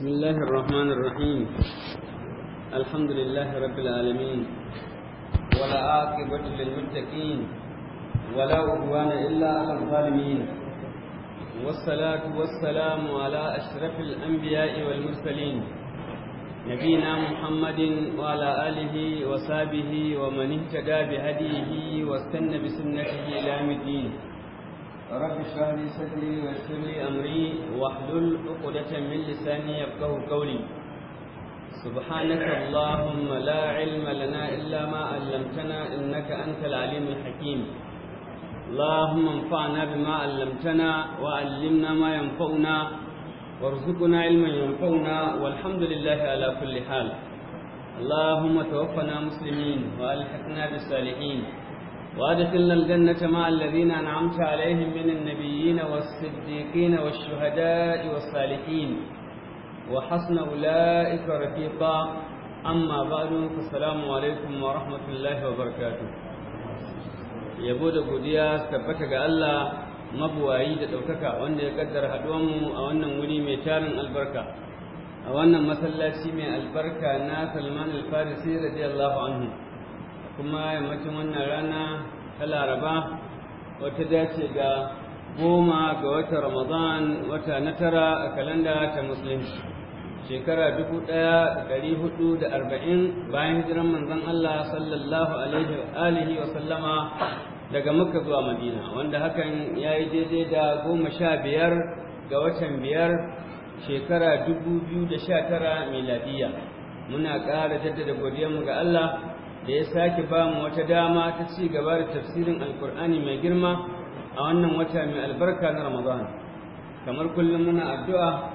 بسم الله الرحمن الرحيم الحمد لله رب العالمين ولا عاقبة للمتقين ولا عدوان إلا على الظالمين والصلاة والسلام على أشرف الأنبياء والمرسلين نبينا محمد وعلى آله وصحبه ومن اهتدى بهديه واستنى بسنته إلى الدين رب اشرح لي صدري ويسر لي امري واحلل عقدة من لساني يفقهوا قولي سبحانك اللهم لا علم لنا الا ما علمتنا انك انت العليم الحكيم اللهم انفعنا بما علمتنا وعلمنا ما ينفعنا وارزقنا علما ينفعنا والحمد لله على كل حال اللهم توفنا مسلمين والحقنا بالصالحين وادخلنا الجنة مع الذين أنعمت عليهم من النبيين والصديقين والشهداء والصالحين وحسن أولئك رفيقا أما بعد فالسلام عليكم ورحمة الله وبركاته يبود قديا سبتك الله mabuwayi da ɗaukaka wanda ya kaddara haɗuwanmu a wannan wuri mai tarin albarka a wannan masallaci mai albarka na salman alfarisi radiyallahu anhu kuma yammacin wannan rana ta laraba wata dace ga goma ga wata ramadan wata na tara a kalanda ta musulunci shekara dubu ɗaya hudu da arba'in bayan hijiran manzon Allah sallallahu alaihi wa sallama daga Makka zuwa Madina wanda hakan ya yi daidai da goma sha biyar ga watan biyar shekara dubu biyu da sha tara miladiya muna ƙara jaddada godiyarmu ga Allah da ya sake ba mu wata dama ta ci gaba da tafsirin alkur'ani mai girma a wannan wata mai albarka na ramadan kamar kullum muna addu'a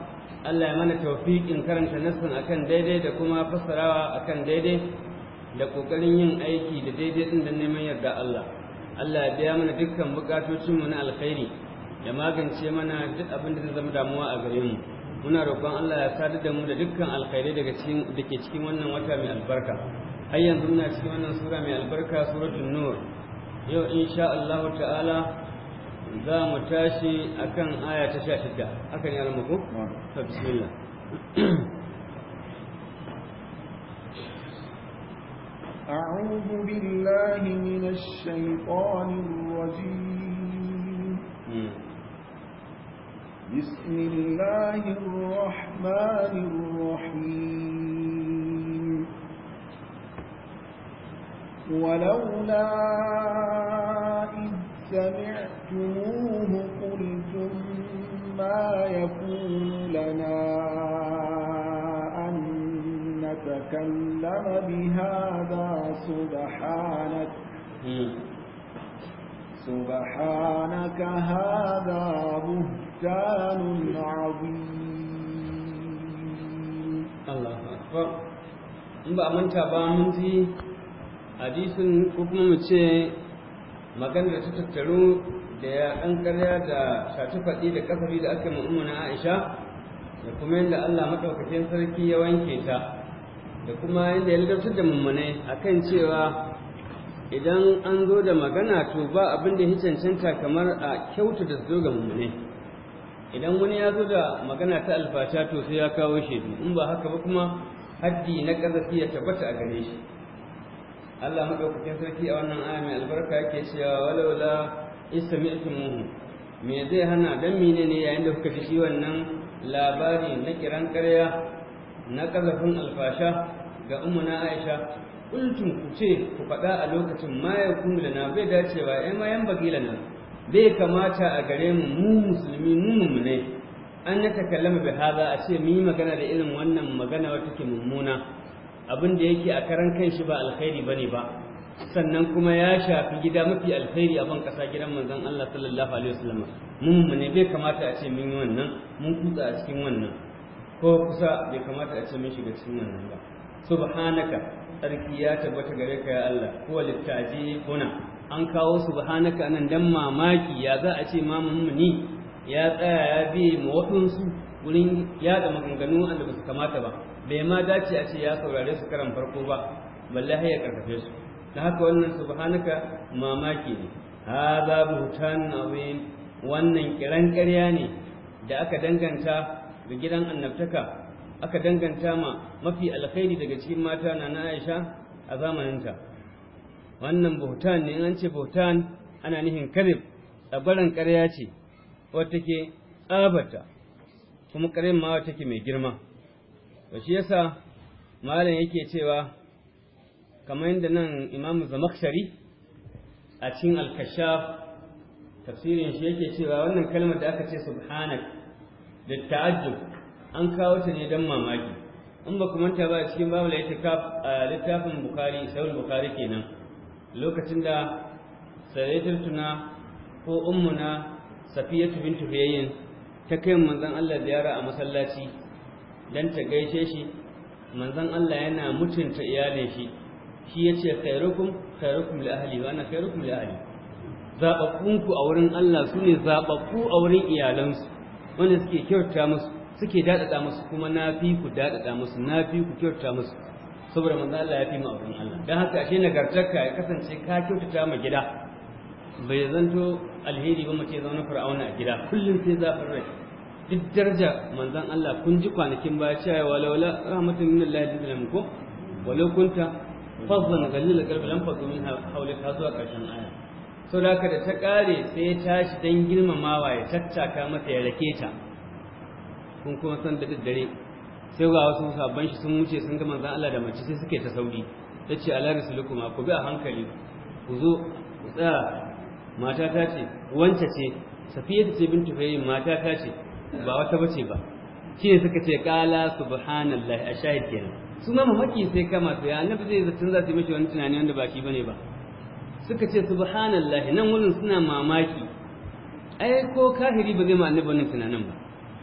allah ya mana tawfiqin karanta nassin akan daidai da kuma fassarawa akan daidai da ƙoƙarin yin aiki da daidai din da neman yarda allah allah ya biya mana dukkan buƙatocinmu na alkhairi ya magance mana duk abin da zai zama damuwa a gare mu muna roƙon allah ya sadar da mu da dukkan alkhairai daga cikin da ke cikin wannan wata mai albarka har yanzu muna cikin wannan sura mai albarka suratul nur yau insha Allah ta'ala za mu tashi akan aya ta 16 haka ne almuku ko to bismillah أعوذ بالله من الشيطان الرجيم بسم الله الرحمن الرحيم ولولا إذ سمعتموه قلتم ما يكون لنا أن نتكلم بهذا سبحانك سبحانك هذا بهتان عظيم الله أكبر in ba manta ba mun ji hadisin ko kuma mu ce maganar ta tattaru da ya ɗan ƙarya da shatufaɗi da kafari da aka yi na aisha da kuma yadda allah maɗaukakin sarki ya wanke ta da kuma yadda ya ladabtar da mummunai akan cewa idan an zo da magana to ba abin da ya cancanta kamar a kyauta da zo ga mummunai idan wani ya zo da magana ta alfata to sai ya kawo shaidu in ba haka ba kuma haddi na ƙazafi ya tabbata a gare shi Allah madaukakin sarki a wannan aya mai albarka yake cewa walaula istami'tumuhu me zai hana dan menene yayin da kuka shi wannan labari na kiran ƙarya na kazafin alfasha ga ummuna Aisha kultum ku ce ku faɗa a lokacin ma ya kunu lana bai dacewa ai ma yan baki nan. bai kamata a gare mu mu musulmi mu ne. an na takallama bi hada a ce mu yi magana da irin wannan magana wata ke mummuna abin da yake a karan kan shi ba alkhairi bane ba sannan kuma ya shafi gida mafi alkhairi a ban kasa gidan manzon Allah sallallahu alaihi wasallam mun mu ne bai kamata a ce mun yi wannan mun kutsa a cikin wannan ko kusa bai kamata a ce mun shiga cikin wannan ba subhanaka tsarki ya tabbata gare ka ya Allah ko littaji kuna an kawo subhanaka nan dan mamaki ya za a ce ma mummuni ya tsaya ya bi mu waɗansu wurin yada maganganu da ba su kamata ba bai ma dace a ce ya saurare su karan farko ba wallahi ya karkafe su ta haka wannan subhanaka mamaki ne hadha buhtan azim wannan kiran ƙarya ne da aka danganta da gidan annabtaka aka danganta ma mafi alkhairi daga cikin mata na na Aisha a zamaninta wannan buhtan ne an ce buhtan ana nihin kadib tsabaran ƙarya ce wata ke tsabata kuma ƙarin ma wata ke mai girma to shi yasa malam yake cewa kamar yadda nan imamu zamakshari a cikin alkashaf tafsirin shi yake cewa wannan kalmar da aka ce subhanak da ta'ajjub an kawo ta ne don mamaki in ba manta ba cikin babu la a littafin bukhari sahih bukhari kenan lokacin da sayyidatuna tuna ko ummuna safiyatu bintu huyayyin ta kai manzon Allah ziyara a masallaci dan ta gaishe shi manzon Allah yana mutunta iyalin shi shi yace khairukum khairukum li ahli wa ana khairukum li ahli ku a wurin Allah sune zababbu a wurin iyalansu wanda suke kyauta musu suke dadada musu kuma na fi ku dadada musu na fi ku kyauta musu saboda manzon Allah ya fi mu a wurin Allah dan haka ashe nagartarka ya kasance ka kyautata ma gida bai zanto alheri ba mu ce zaune fir'auna a gida kullum sai zafin rai duk daraja manzan Allah kun ji kwanakin baya cewa walaula rahmatin min Allah da zalamu ko walau kunta fazzan galil qalbi lam fadu min hawlika zuwa karshen aya sau da haka da ta kare sai ya tashi dan girmamawa ya tattaka mata ya rake ta kun kuma san da daddare sai ga wasu sabban shi sun wuce sun ga manzan Allah da mace sai suka yi ta sauri ta ce ala rasulukum ku bi a hankali ku zo ku tsaya mata ta ce wance ce safiya ce bintu fayyin mata ta ce ba wata bace ba shi ne suka ce kala subhanallah a shahid kenan su ma mafaki sai kama su ya annabi zai zaton za su yi mashi wani tunani wanda ba shi bane ba suka ce subhanallah nan wurin suna mamaki ai ko kahiri ba zai ma annabi wannan tunanin ba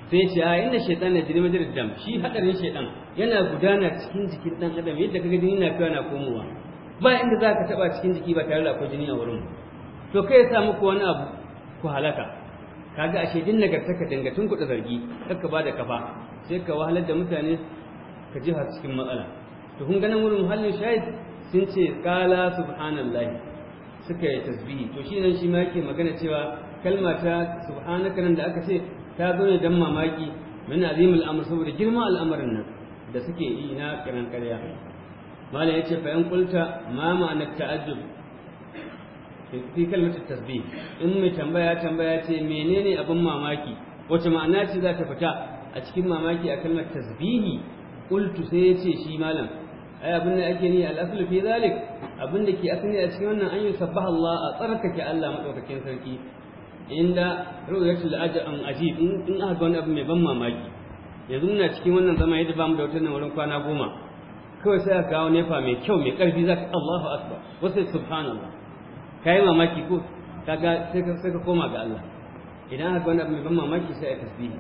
sai ce a inda shaitan na jirgin majalar dam shi hadarin shaitan yana gudana cikin jikin dan adam yadda kaga jini na fiya na komowa ba inda za ka taba cikin jiki ba tare da akwai jini a wurin to kai ya sa muku wani abu ku halaka kaga ashe din ka dangatun kuɗa zargi kar ba da kafa sai ka wahalar da mutane ka ji har cikin matsala to kun ganin wurin muhallin shahid sun ce kala subhanallahi suka yi tasbihi to shi nan shi ma yake magana cewa kalma ta subhanaka nan da aka ce ta zo ne dan mamaki min azimul amr saboda girman al'amarin nan da suke yi na kiran ƙarya malam yace fa yan qulta ma ma'anar ta'ajjub fi kalmatar tasbih in mai tambaya tambaya ce menene abin mamaki wace ma'ana ce za ta fita a cikin mamaki a kalmar tasbihi qultu sai ya ce shi malam ai abin da ake ni al fi zalik abin da ke asali a cikin wannan an yusabbaha Allah a tsarkake Allah madaukakin sarki inda ru'yatul an ajib in aka ga wani abu mai ban mamaki yanzu muna cikin wannan zama yadda bamu da wutar wurin kwana goma kawai sai ka kawo nefa mai kyau mai karfi zaka Allahu akbar wasu subhanallah Kayi mamaki ko kaga sai ka koma ga Allah idan aka wani abu mai ban mamaki sai a tasbihi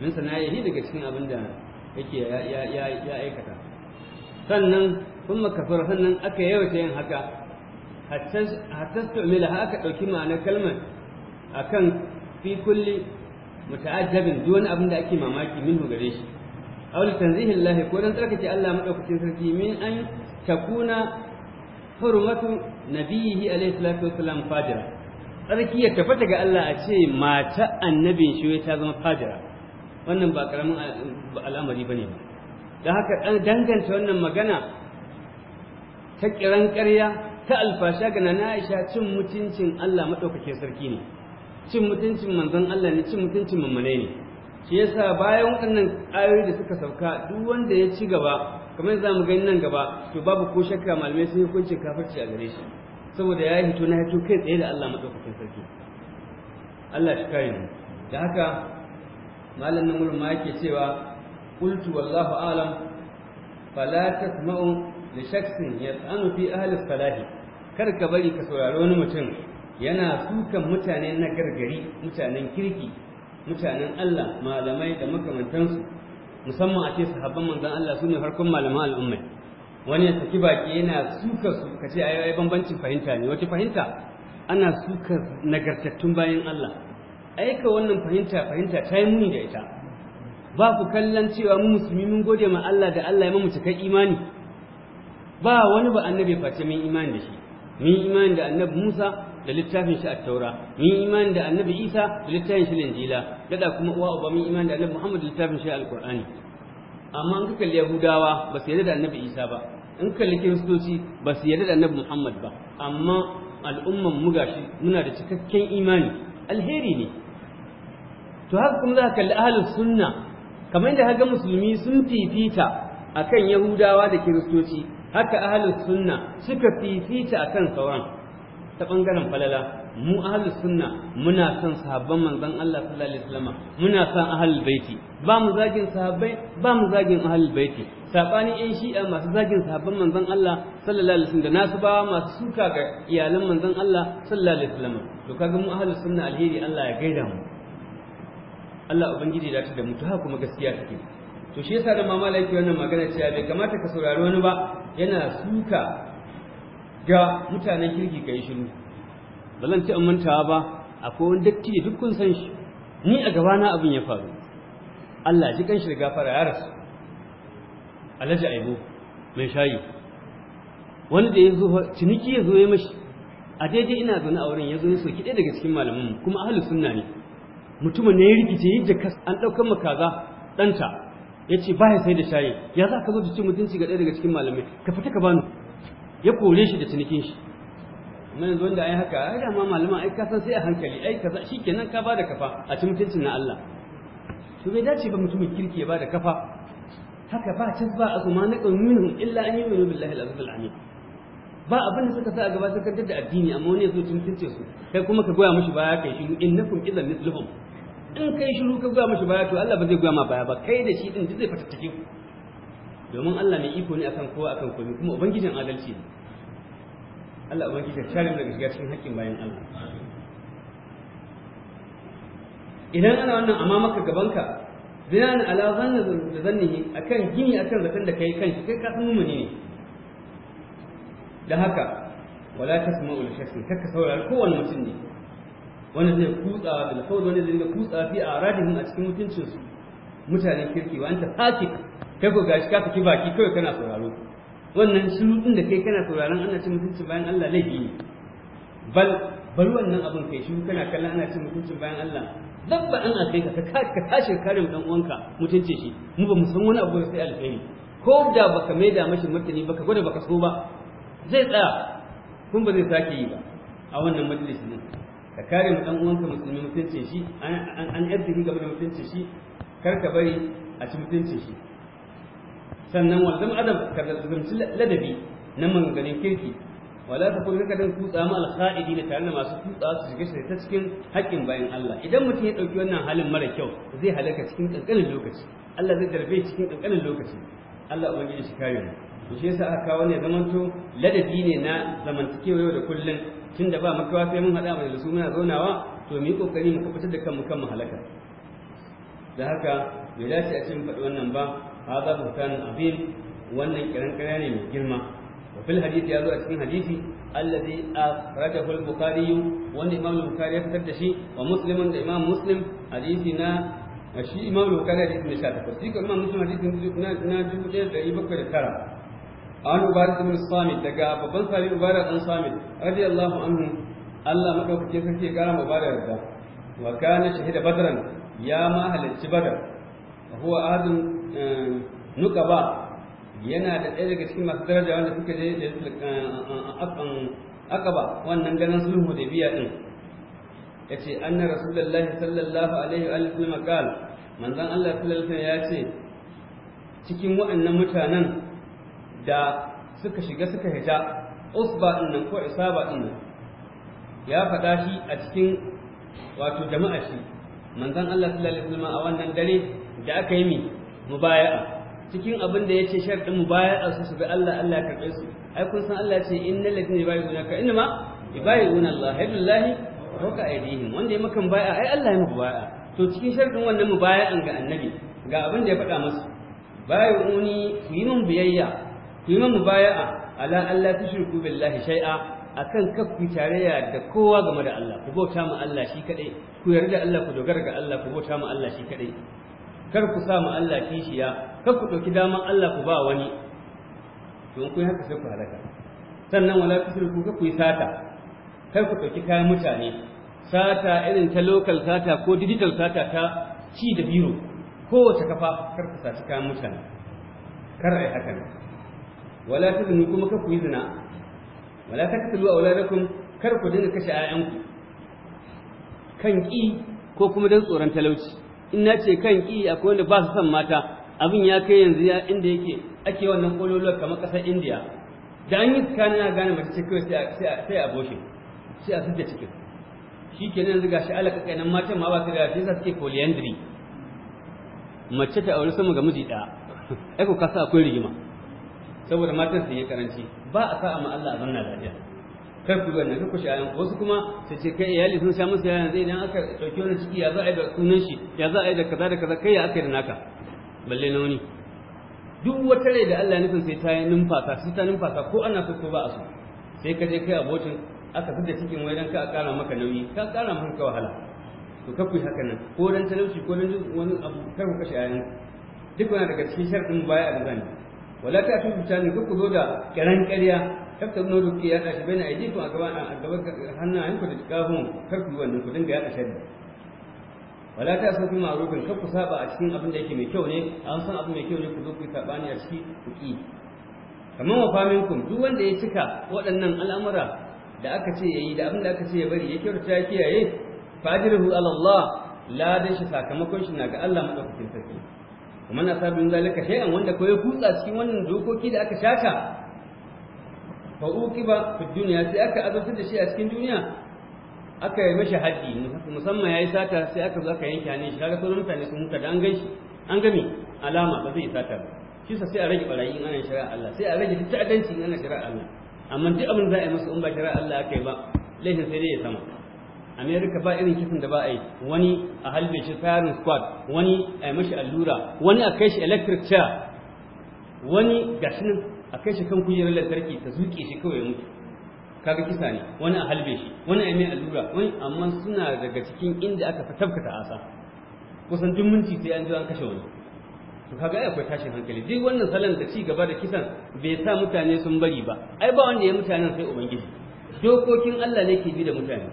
min sana'ihi daga cikin abin da yake ya aikata sannan kun makafar sannan aka yawata yin haka hatta tu'mila aka ɗauki ma'anar kalmar akan fi kulli muta'ajjabin duk wani abin da ake mamaki min gare shi aure li lahi Allah ko dan tsarkake Allah madaukakin sarki min an takuna hurmatu nabiyihi alaihi salatu wasalam fajira tsarki ya tafi daga Allah a ce mata annabin shi ta zama fajira wannan ba karamin al'amari bane ba don haka danganta wannan magana ta kiran ƙarya ta alfasha ga nana Aisha cin mutuncin Allah madaukakin sarki ne cin mutuncin manzon Allah ne cin mutuncin mamane ne shi yasa bayan waɗannan ayoyi da suka sauka duk wanda ya ci gaba kamar za mu gani nan gaba to babu ko shakka malamai sun hukuncin kafirci a gare shi saboda ya yi hito na hito kai tsaye da Allah madaukakin sarki Allah shi kare mu da haka malam nan wurin ma yake cewa qultu wallahu alam fala tasma'u li shakhsin yas'anu fi ahli salahi kar ka bari ka saurari wani mutum yana sukan mutane na gargari mutanen kirki mutanen Allah malamai da makamantansu musamman a ce sahabban manzon Allah su ne farkon malaman al'ummai, wani ya saki baki yana suka su ka ce ayoyi bambancin fahimta ne wace fahimta ana suka nagartattun bayan Allah aika wannan fahimta fahimta ta yi muni da ita ba ku kallon cewa mu musulmi mun gode ma Allah da Allah ya mu cikakken imani ba wani ba annabi face mun imani da shi mun imani da annabi Musa da littafin shi at-taura mun iman da annabi isa da littafin shi injila dada kuma uwa uba mun iman da annabi muhammad da littafin shi al-qur'ani amma in kalli yahudawa ba su yarda da annabi isa ba in kalli kiristoci ba su yarda da annabi muhammad ba amma al'umman mu gashi muna da cikakken imani alheri ne to haka kuma za ka kalli ahlus sunna kamar yadda haka musulmi sun fifita akan yahudawa da kiristoci haka ahlus sunna suka fifita akan sauran ta bangaren falala mu ahlus sunna muna son sahabban manzon Allah sallallahu alaihi wasallam muna son ahlul baiti ba mu zagin sahabbai ba mu zagin ahlul baiti sabanin yan shi'a masu zagin sahabban manzon Allah sallallahu alaihi wasallam da nasu ba masu suka ga iyalan manzon Allah sallallahu alaihi wasallam to kaga mu ahlus sunna alheri Allah ya gaida mu Allah ubangiji da ta da mu ta kuma gaskiya take to shi yasa da mamala wannan magana cewa bai kamata ka saurari wani ba yana suka ga mutanen kirki ka yi shiru ba zan ci mantawa ba akwai wani datti duk kun san shi ni a gabana abin ya faru Allah ji kan shi da gafara ya rasu alhaji aibo mai shayi wani da ya zo ciniki ya zo ya mashi a daidai ina zaune a wurin ya zo ya soki ɗaya daga cikin malaman kuma ahli sunna ne mutumin ne ya rikice yadda kas an ɗaukar makaza kaza ɗanta ya ce ba ya sai da shayi ya za ka zo da cin mutunci ga ɗaya daga cikin malamai ka fita ka bani ya kore shi da cinikin shi na yanzu wanda ai haka ai dama malaman ai ka san sai a hankali ai kaza shikenan ka bada kafa a ci mutuncin na Allah to bai dace ba mutumin kirki ya bada kafa haka ba ta ba azuma na kan minhum illa an yu'minu billahi al-aziz al-amin ba abin da suka sa a gaba suka da addini amma wani yazo tuntunce su kai kuma ka goya mushi baya kai shiru innakum idan mithluhum in kai shiru ka goya mushi baya to Allah ba zai goya ma baya ba kai da shi din zai fatattake ku domin Allah mai iko ne akan kowa akan komai kuma ubangijin adalci ne Allah ubangijin kare mu daga shiga cikin haƙƙin bayan Allah idan ana wannan amma maka gabanka zina binan ala zanna da zannihi akan gini akan zakan da kai kanshi kai ka san mumuni ne da haka wala tasma'u li shakhsin kaka saurari kowanne mutum ne wanda zai kutsa bil saboda wanda zai kutsa fi aradihim a cikin mutuncinsu mutanen kirki wa anta fasik kai ko gashi ka tafi baki kawai kana sauraro wannan shiru din da kai kana sauraron ana cin mutuncin bayan Allah laifi ne bal bal wannan abin kai shi kana kallon ana cin mutuncin bayan Allah dabba an a kai ka ka tashi karin dan uwanka mutunci shi mu ba mu san wani abu sai alheri ko da baka maida mashi martani baka gwada baka so ba zai tsaya kun ba zai sake yi ba a wannan majalisi ka kare mu dan uwanka musulmi mutuncin shi an an yarda game da mutuncin shi kar ka bari a ci mutuncin shi sannan walzam Adam ka zalzumci ladabi na manganin kirki wala ta kuma rika din kutsa ma alkhaidi na tare da masu kutsa su shiga shi ta cikin haƙƙin bayan Allah idan mutum ya dauki wannan halin mara kyau zai halaka cikin kankanin lokaci Allah zai darbe cikin kankanin lokaci Allah ubangiji shi kare mu to shi yasa aka kawo ne zamanto ladabi ne na zamantakewa yau da kullun tunda ba makawa sai mun hada mai da su muna zaunawa to mu yi kokari mu kubutar da kanmu kan mu halaka da haka bai dace a cikin faɗi wannan ba hada bukan abin wannan kiran ne mai girma wa fil ya zo a cikin hadisi alladhi akhrajahu al-bukhari wanda imam al-bukhari ya fitar da shi wa muslimun da imam muslim hadisi na shi imam al-bukhari hadisi ne shata shi ko imam muslim hadisi na na dubu ɗaya da bakwai da tara an ubarat ibn samit daga babban sahabi ubarat ibn samit radiyallahu anhu Allah madaukake sarki ya kara da wa na shahida badran ya ma ba badar Ehm, nuka ba yana da ɗaya daga cikin masu daraja wanda suka je da eh, eh, eh, ba wannan ganin sulhu da biya din ya ce an na rasulullahi sallallahu alaihi wa sallam kal manzan Allah sallallahu alaihi ya ce cikin waɗannan mutanen da suka shiga suka hija usba ɗin nan ko isaba ɗin nan ya faɗa shi a cikin wato jama'a shi manzan Allah sallallahu alaihi wa a wannan dare da aka yi mi mubaya'a cikin abin da yace sharadin mubaya'a su su bi Allah Allah ya karbe su ai kun san Allah ce innal ladina yubayyi'una ka inma yubayyi'una Allah yadullahi fawqa aidihim wanda ya makan baya'a ai Allah ya muku baya'a, to cikin sharadin wannan mubaya'an ga annabi ga abin da ya faɗa musu bayuuni ku yi min biyayya ku yi min mubaya'a ala Allah tushriku billahi shay'a akan kafi tarayya da kowa game da Allah ku bauta ma Allah shi kadai ku yarda Allah ku dogara ga Allah ku bauta ma Allah shi kadai kar ku sa mu Allah kishiya kar ku ɗauki dama Allah ku ba wani don kun haka sai ku halaka sannan wala tusriku kar ku yi sata kar ku ɗauki kayan mutane sata irin ta local sata ko digital sata ta ci da biro kowace kafa kar ku saci kayan mutane kar ai haka ne wala tuzunu kuma kar ku yi zina wala taqtulu awladakum kar ku dinga kashe 'ya'yanku kan ki ko kuma dan tsoron talauci in na ce kan ki akwai wanda ba su son mata abin ya kai yanzu ya inda yake ake wannan kololo kamar ƙasar indiya da an yi tsakanin na gane mace ce kawai sai a boshe sai a da cikin shi ke nan zuga shi alaka kainan matan ma ba su da shi sa suke polyandry mace ta auri sama ga miji ɗaya ai ko kasa akwai rigima saboda matan su yi karanci ba a sa'a ma Allah a zanna lafiya kai ku ga kai ku shi ayan wasu kuma ta ce kai iyali sun sha musu yayan zai idan aka dauki wani ciki ya za a yi da sunan shi ya za a yi da kaza da kaza kai ya aka yi da naka balle na wani duk wata rai da Allah ya nufin sai ta yi numfasa sai ta numfasa ko ana so ko ba a so sai ka je kai abocin aka fita cikin wai dan ka a kara maka nauyi ka kara maka wahala to ku haka nan ko dan talauci ko dan wani abu kar ku kashe ayan duk wani daga cikin sharɗin baya a da zani wala ta tubu tani duk ku zo da kiran ƙarya tattauna ruki ya bai na aiki a a gaba a gaban hannayen ku da kafin kar ku yi wannan ku dinga yaɗa wala ta sun fi kar ku saba a cikin abin da yake mai kyau ne an san abin mai kyau ne ku zo ku sabani a ciki ku ki kamar wa faminkum duk wanda ya cika waɗannan al'amura da aka ce ya yi da abin da aka ce ya bari ya kyautata ya kiyaye fajirhu ala Allah da shi sakamakon shi na ga Allah madaukakin sarki kuma na sabin zalika shay'an wanda ko ya kutsa cikin wannan dokoki da aka shaka faruqiba fi dunya sai aka azabtar da shi a cikin duniya aka yi mashi haddi musamman yayi sata sai aka zo aka yanke hannun shi kaga sauran mutane sun huta da an gan shi an gami alama ba zai sata ba shi sai a rage barayi in ana shari'a Allah sai a rage ta'addanci in ana shari'a Allah amma duk abin za a yi masa in ba shari'a Allah aka yi ba laifin sai dai ya sama america ba irin kifin da ba a yi wani a halbe shi firing squad wani a yi mashi allura wani a kai shi electric chair wani gashi nan a kai shi kan kujerar lantarki ta zuke shi kawai ya mutu kaga kisa ne wani a halbe shi wani a mai allura wani amma suna daga cikin inda aka fa tabkata asa kusan duk minti sai an ji an kashe wani to kaga ai akwai tashin hankali duk wannan salon da ci gaba da kisan bai sa mutane sun bari ba ai ba wanda ya mutanen sai ubangiji dokokin Allah ne ke bi da mutane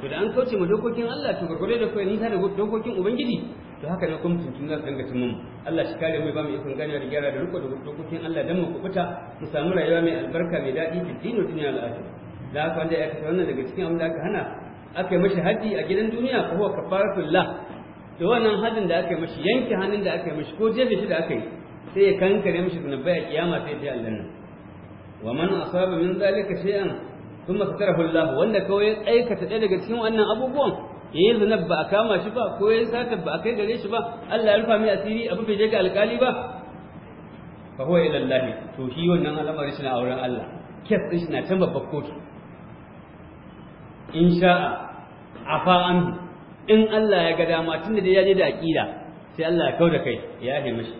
to da an kauce ma dokokin Allah to gargare da kai nisa da dokokin ubangiji to haka ne kuma tuntun za su dinga cin mu Allah shi kare mai ba mu ikon gane da gyara da riko da dokokin Allah dan mu kubuta mu samu rayuwa mai albarka mai daɗi fi dinu dunya al akhirah da haka wanda ya kasa wannan daga cikin abin da aka hana aka yi mashi haddi a gidan duniya ko huwa kafaratul lah To wannan haɗin da aka yi mashi yanke hannun da aka yi mashi ko jefe shi da aka yi sai ya kankare mashi zunubai a kiyama sai ta nan wa man asaba min zalika shay'an thumma satarahu Allah wanda kawai ya aikata ɗaya daga cikin wannan abubuwan yayi zinab ba a kama shi ba ko yayi sata ba a kai gare shi ba Allah ya rufa mai asiri abu bai je ga alkali ba fa huwa ila Allah to shi wannan al'amari shi na auren Allah kes din shi na can babbar kotu in sha'a afa an in Allah ya ga dama tunda dai ya je da aqida sai Allah ya da kai ya yafe shi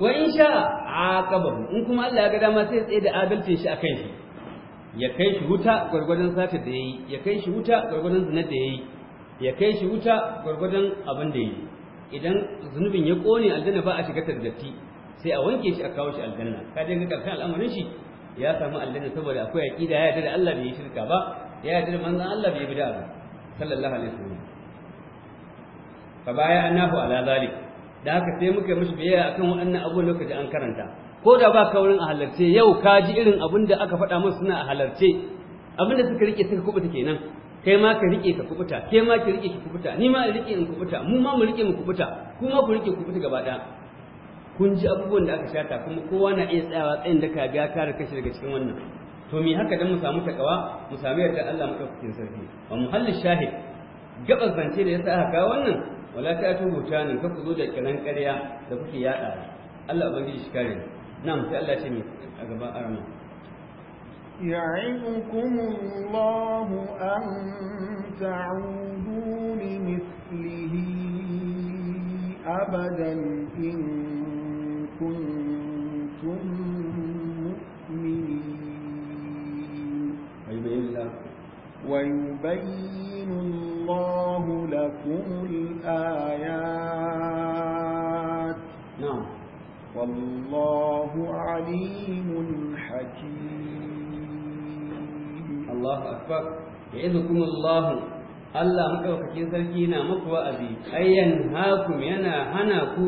wa in sha'a aqabahu in kuma Allah ya ga dama sai ya tsaye da adalcin shi akan shi ya kai shi wuta gwargwadon sata da yayi ya kai shi wuta gwargwadon zina da yayi ya kai shi wuta gwargwadon abin da yi, idan zunubin ya kone aljanna ba a shiga tarjatti sai a wanke shi a kawo shi aljanna ka je ga karshen al'amarin shi ya samu aljanna saboda akwai aqida ya yarda da Allah bai shirka ba ya yarda da manzon Allah bai bid'a ba sallallahu alaihi wasallam fa baya annahu ala zalik da haka sai muka mishi biyayya akan waɗannan abubuwan lokacin an karanta ko da ba ka wurin a halarce yau ka ji irin abin da aka faɗa musu suna a halarce abin da suka rike suka kubuta kenan kai ma ka rike ka kubuta kai ma ki rike ki kubuta ni ma rike in kubuta mu ma mu rike mu kubuta ku ma ku rike ku kubuta gaba ɗaya kun ji abubuwan da aka shata kuma kowa na iya tsayawa tsayin da ka ga kare shi daga cikin wannan to me haka dan mu samu takawa mu samu yarda Allah madaukakin sarki wa muhallin shahid gabas zance da ya aka kawo wannan wala ta tubuta nan ka ku zo da kiran ƙarya da kuke yada Allah ubangiji shi kare ni na'am sai Allah ce ne a gaba arama يعظكم الله أن تعودوا لمثله أبدا إن كنتم مؤمنين ويبين الله ويبين الله لكم الآيات والله عليم حكيم الله أكبر يعظكم الله Allah maɗaukakin sarki na muku wa'azi, Aiyan hakum yana hana ku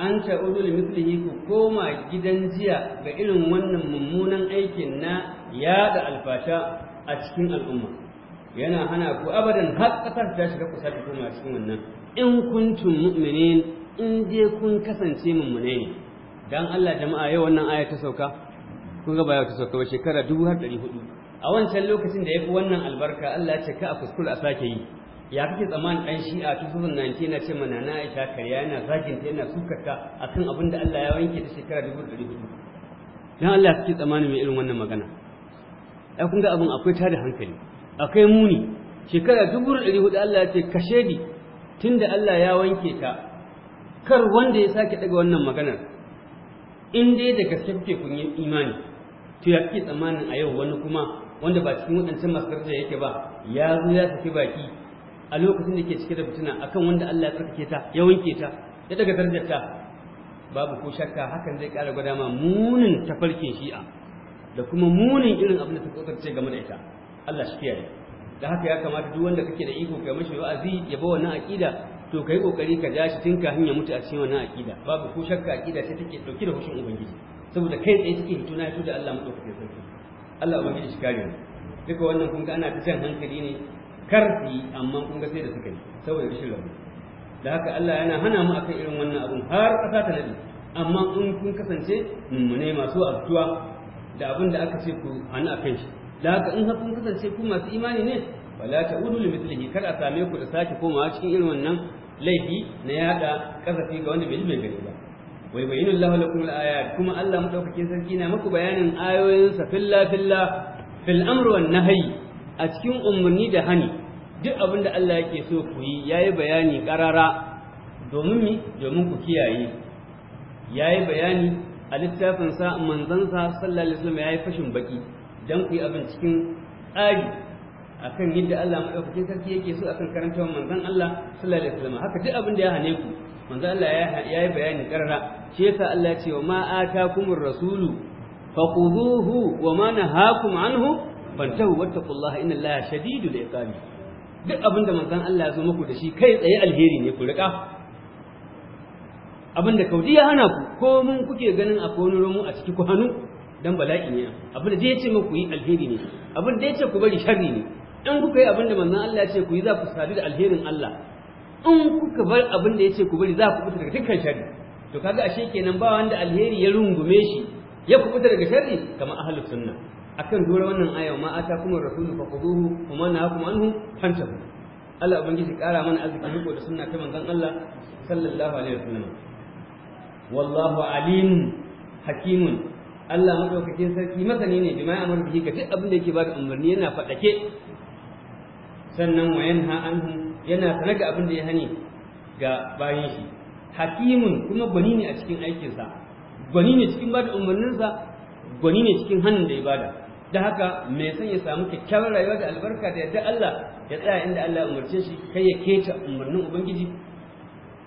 an ta'udu da mislihi ku koma gidan jiya ga irin wannan mummunan aikin na yaɗa alfasha a cikin al'umma. Yana hana ku abadan har kasar ta shiga kusa ta koma cikin wannan. In kuntum mu'minin in je kun kasance mummune ne. dan Allah jama'a yau wannan aya ta sauka kun ga ba ta sauka ba shekara 1400 a wancan lokacin da yafi wannan albarka Allah ya ce ka a kuskura a sake yi ya kake tsammanin dan shi'a 2019 na ce mana na aisha karya yana zagin ta yana sukarta akan abin da Allah ya wanke ta shekara 1400 dan Allah kake tsammanin mai irin wannan magana ai kun ga abin akwai tada hankali akwai muni shekara 1400 Allah ya ce kashe ni tunda Allah ya wanke ta kar wanda ya sake daga wannan maganar in dai da gaske kuke kun yi imani to ya fi tsammanin a yau wani kuma wanda ba cikin waɗancan masu daraja yake ba ya zo ya saki baki a lokacin da ke cike da fitina akan wanda Allah ya tsarkake ta ya wanke ta ya daga darajar ta babu ko shakka hakan zai ƙara gwada ma munin tafarkin shi'a da kuma munin irin abin da ta ce game da ita Allah shi kiyaye da haka ya kamata duk wanda kake da iko kai mashi wa'azi ya ba wannan aqida to kai kokari ka ja shi tun kafin ya mutu a cikin wannan akida babu ko shakka akida sai take dauke da hushin ubangiji saboda kai tsaye take hito na hito da Allah madaukakin sarki Allah ubangiji shi kare mu duka wannan kun ga ana ta jan hankali ne karfi amma kun ga sai da suka yi saboda rashin rabu da haka Allah yana hana mu akan irin wannan abun har kasa ta nadi amma in kun kasance mummune masu abtuwa da abin da aka ce ku hannu a kan shi da haka in kun kasance ku masu imani ne wala ta'udu li mithlihi kar a same ku da sake komawa cikin irin wannan laifi na yada kasafi ga wanda bai ji gani ba bai yubayyinu Allah lakum al-ayat kuma Allah madaukakin sarki na muku bayanin ayoyinsa filla filla fil amri wan nahyi a cikin umarni da hani duk abin da Allah yake so ku yi yayi bayani karara domin mi domin ku kiyaye yayi bayani a littafin sa manzon sa sallallahu alaihi wasallam yayi fashin baki dan ku yi abin cikin tsari akan yadda Allah madaukakin sarki yake so akan karantawan manzon Allah sallallahu alaihi wasallam haka duk abin da ya hane ku manzon Allah ya yi bayani karara shi yasa Allah ya ce wa ma atakumur rasulu faquduhu wa ma nahakum anhu fantahu wattaqullaha inna Allaha shadidul iqabi duk abin da manzon Allah ya zo muku da shi kai tsaye alheri ne ku rika abin da kaudi ya hana ku ko mun kuke ganin a wani rumu a ciki ku hannu dan bala'i ne abin da ya ce muku yi alheri ne abin da ya ce ku bari sharri ne in kuka yi abin da manzon Allah ya ce ku yi za ku sadu da alherin Allah in kuka bar abin da ya ce ku bari za ku fita daga dukkan sharri to kaga ashe kenan ba wanda alheri ya rungume shi ya ku fita daga sharri kamar hali sunna akan dora wannan aya ma ata kuma rasulu fa quduhu kuma na kuma anhu hanta Allah ubangiji kara mana arziki ko da sunna ta manzon Allah sallallahu alaihi wasallam wallahu alim hakimun Allah madaukakin sarki masani ne bima ya amur bihi ga duk abin da yake bada umarni yana fadake sannan wa yanha yana sanar da abin da ya hani ga bayan shi hakimun kuma gwani ne a cikin aikinsa gwani ne cikin bada umarninsa gwani ne cikin hannun da ya bada da haka mai son ya samu kyakkyawar rayuwa da albarka da yadda Allah ya tsaya inda Allah ya umarce shi kai ya keta umarnin ubangiji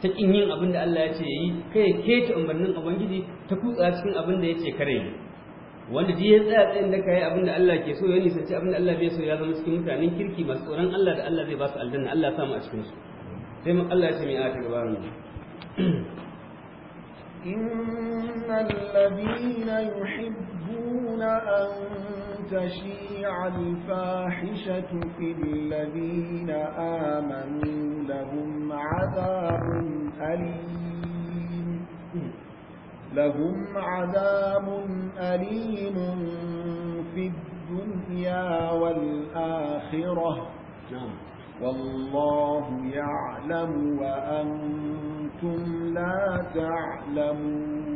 ta kin yin abin da Allah ya ce yi kai ya keta umarnin ubangiji ta kutsa cikin abin da ya ce kare yi wanda duk ya tsaya tsayin daka yayi abin da Allah ke so ya nisanci abin da Allah bai so ya zama cikin mutanen kirki masu tsoron Allah da Allah zai ba su aljanna Allah samu a cikin su sai mun Allah ya ce mai a ta gaba mu إن الذين يحبون أن تشيع الفاحشة في الذين آمنوا لهم عذاب أليم لهم عذاب أليم في الدنيا والآخرة والله يعلم وأنتم لا تعلمون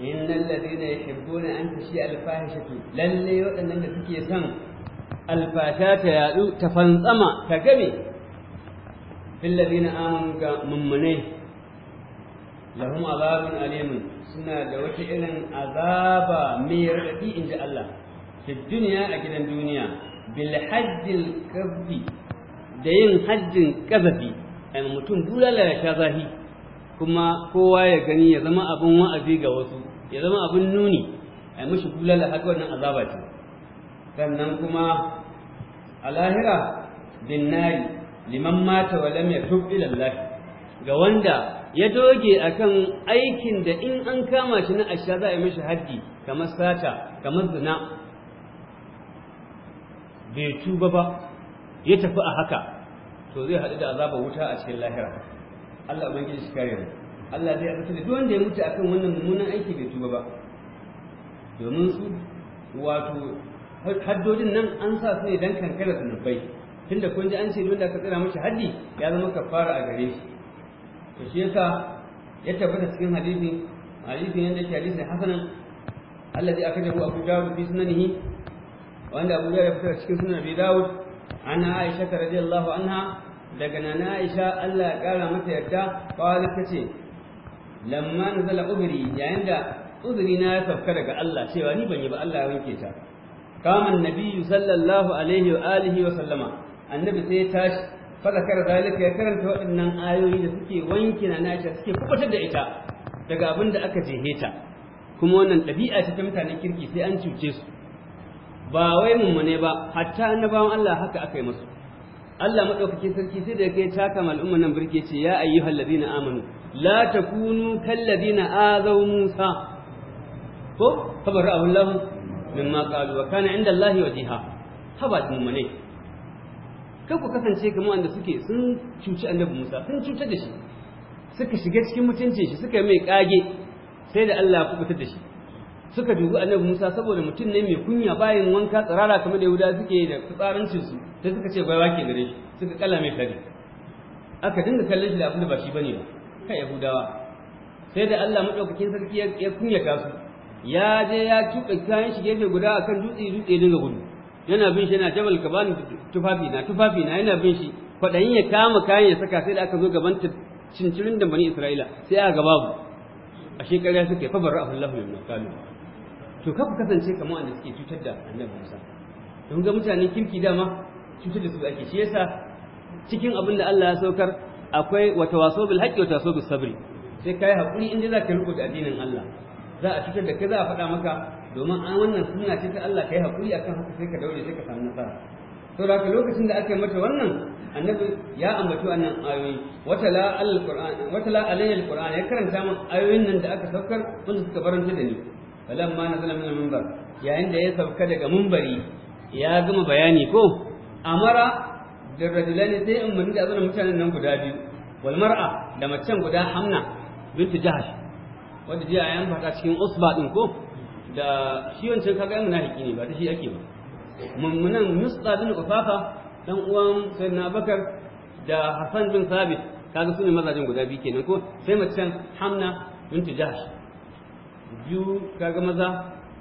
إن الذين يحبون أن تشيء الفاحشة لن يؤمن أن تكي سن الفاشاة يألو تفنصم تقمي في الذين آمنوا ممنيه lahum azabun alimun suna da wata irin azaba mai raɗaɗi in ji Allah fi duniya a gidan duniya bil hajjil da yin hajjin kazafi ai mutum bulala ya sha zafi, kuma kowa ya gani ya zama abin wa'azi ga wasu ya zama abin nuni ai mishi bulala haka wannan azaba ce sannan kuma a lahira bin nari liman mata wa lam yatub ila ga wanda ya doge akan aikin da in an kama shi na asha za a yi mishi haddi kamar sata kamar zina bai tuba ba ya tafi a haka to zai haɗu da azabar wuta a cikin lahira Allah ubangiji shi kare Allah zai azabta da duk wanda ya mutu kan wannan mummunan aiki bai tuba ba domin su wato haddodin nan an sa su ne don kankara zunubai tunda kun ji an ce wanda aka tsira mishi haddi ya zama kafara a gare shi to shi yasa ya tabbata cikin hadisi hadisi yanda yake hadisi hasanan alladhi akajahu abu dawud fi sunanihi wanda abu dawud ya fitar cikin sunan abi dawud an aisha radiyallahu anha daga nana aisha Allah ya kara mata yarda qalat tace lamma nazala ubri yayin da uzuri na ya sauka daga Allah cewa ni ban yi ba Allah ya wanke ta kama annabi sallallahu alaihi wa alihi wa sallama annabi sai ya tashi fa zakara zalika ya karanta waɗannan ayoyi da suke wanki na Aisha suke kubutar da ita daga abin da aka jehe ta kuma wannan dabi'a ce ta mutanen kirki sai an cuce su ba wai mummune ba hatta annabawan Allah haka aka yi musu Allah madaukakin sarki sai da kai taka al'umma nan burke ce ya ayyuhal ladina amanu la takunu kal ladina azaw Musa ko fabar Allah mimma qalu wa kana inda Allah wajiha haba mummune kai ku kasance kamar wanda suke sun cuci annabi Musa sun cutar da shi suka shiga cikin mutuncin shi suka mai kage sai da Allah ya kubutar da shi suka dubi annabi Musa saboda mutum ne mai kunya bayan wanka tsirara kamar da Yahuda suke da tsarancin su sai suka ce bai wake gare shi suka kalla mai kage aka dinga kallon shi da abin da ba shi bane ba kai Yahudawa sai da Allah madaukakin sarki ya kunyata su ya je ya tuka kayan shi gefe guda akan dutse dutse dinga gudu yana bin shi yana jamal ka bani tufafi na tufafi na yana bin shi kwaɗayin ya kama kayan ya saka sai da aka zo gaban cincirin da bani isra'ila sai aka gaba bu a ya suka yi fa barra ahullahu min kalu to ka ku kasance kamar wanda suke cutar da annabi Musa don ga mutanen kirki dama cutar da su ake shi yasa cikin abin da Allah ya saukar akwai wata waso bil haqqi wata waso bis sabri sai kai hakuri inda zaka rubuta addinin Allah za a cutar da kai za a faɗa maka domin an wannan suna ce ta Allah kai haƙuri akan haka sai ka daure sai ka samu nasara to da lokacin da aka mata wannan annabi ya ambaci wannan ayoyi wata la alquran wata ya karanta min ayoyin nan da aka saukar wanda suka baranta da ni na nazala min minbar yayin da ya sauka daga minbari ya gama bayani ko amara da rajulani sai in mun da mutanen nan guda biyu wal mar'a da macen guda hamna bintu jihar. wanda jiya ya faɗa cikin usba din ko da shi wancan kaga yana haƙi ne ba ta shi yake ba mummunan musta bin ufafa dan uwan sayyidina bakar da hasan bin sabit kaga sune mazajin guda biyu kenan ko sai macen hamna bintu jahsh biyu kaga maza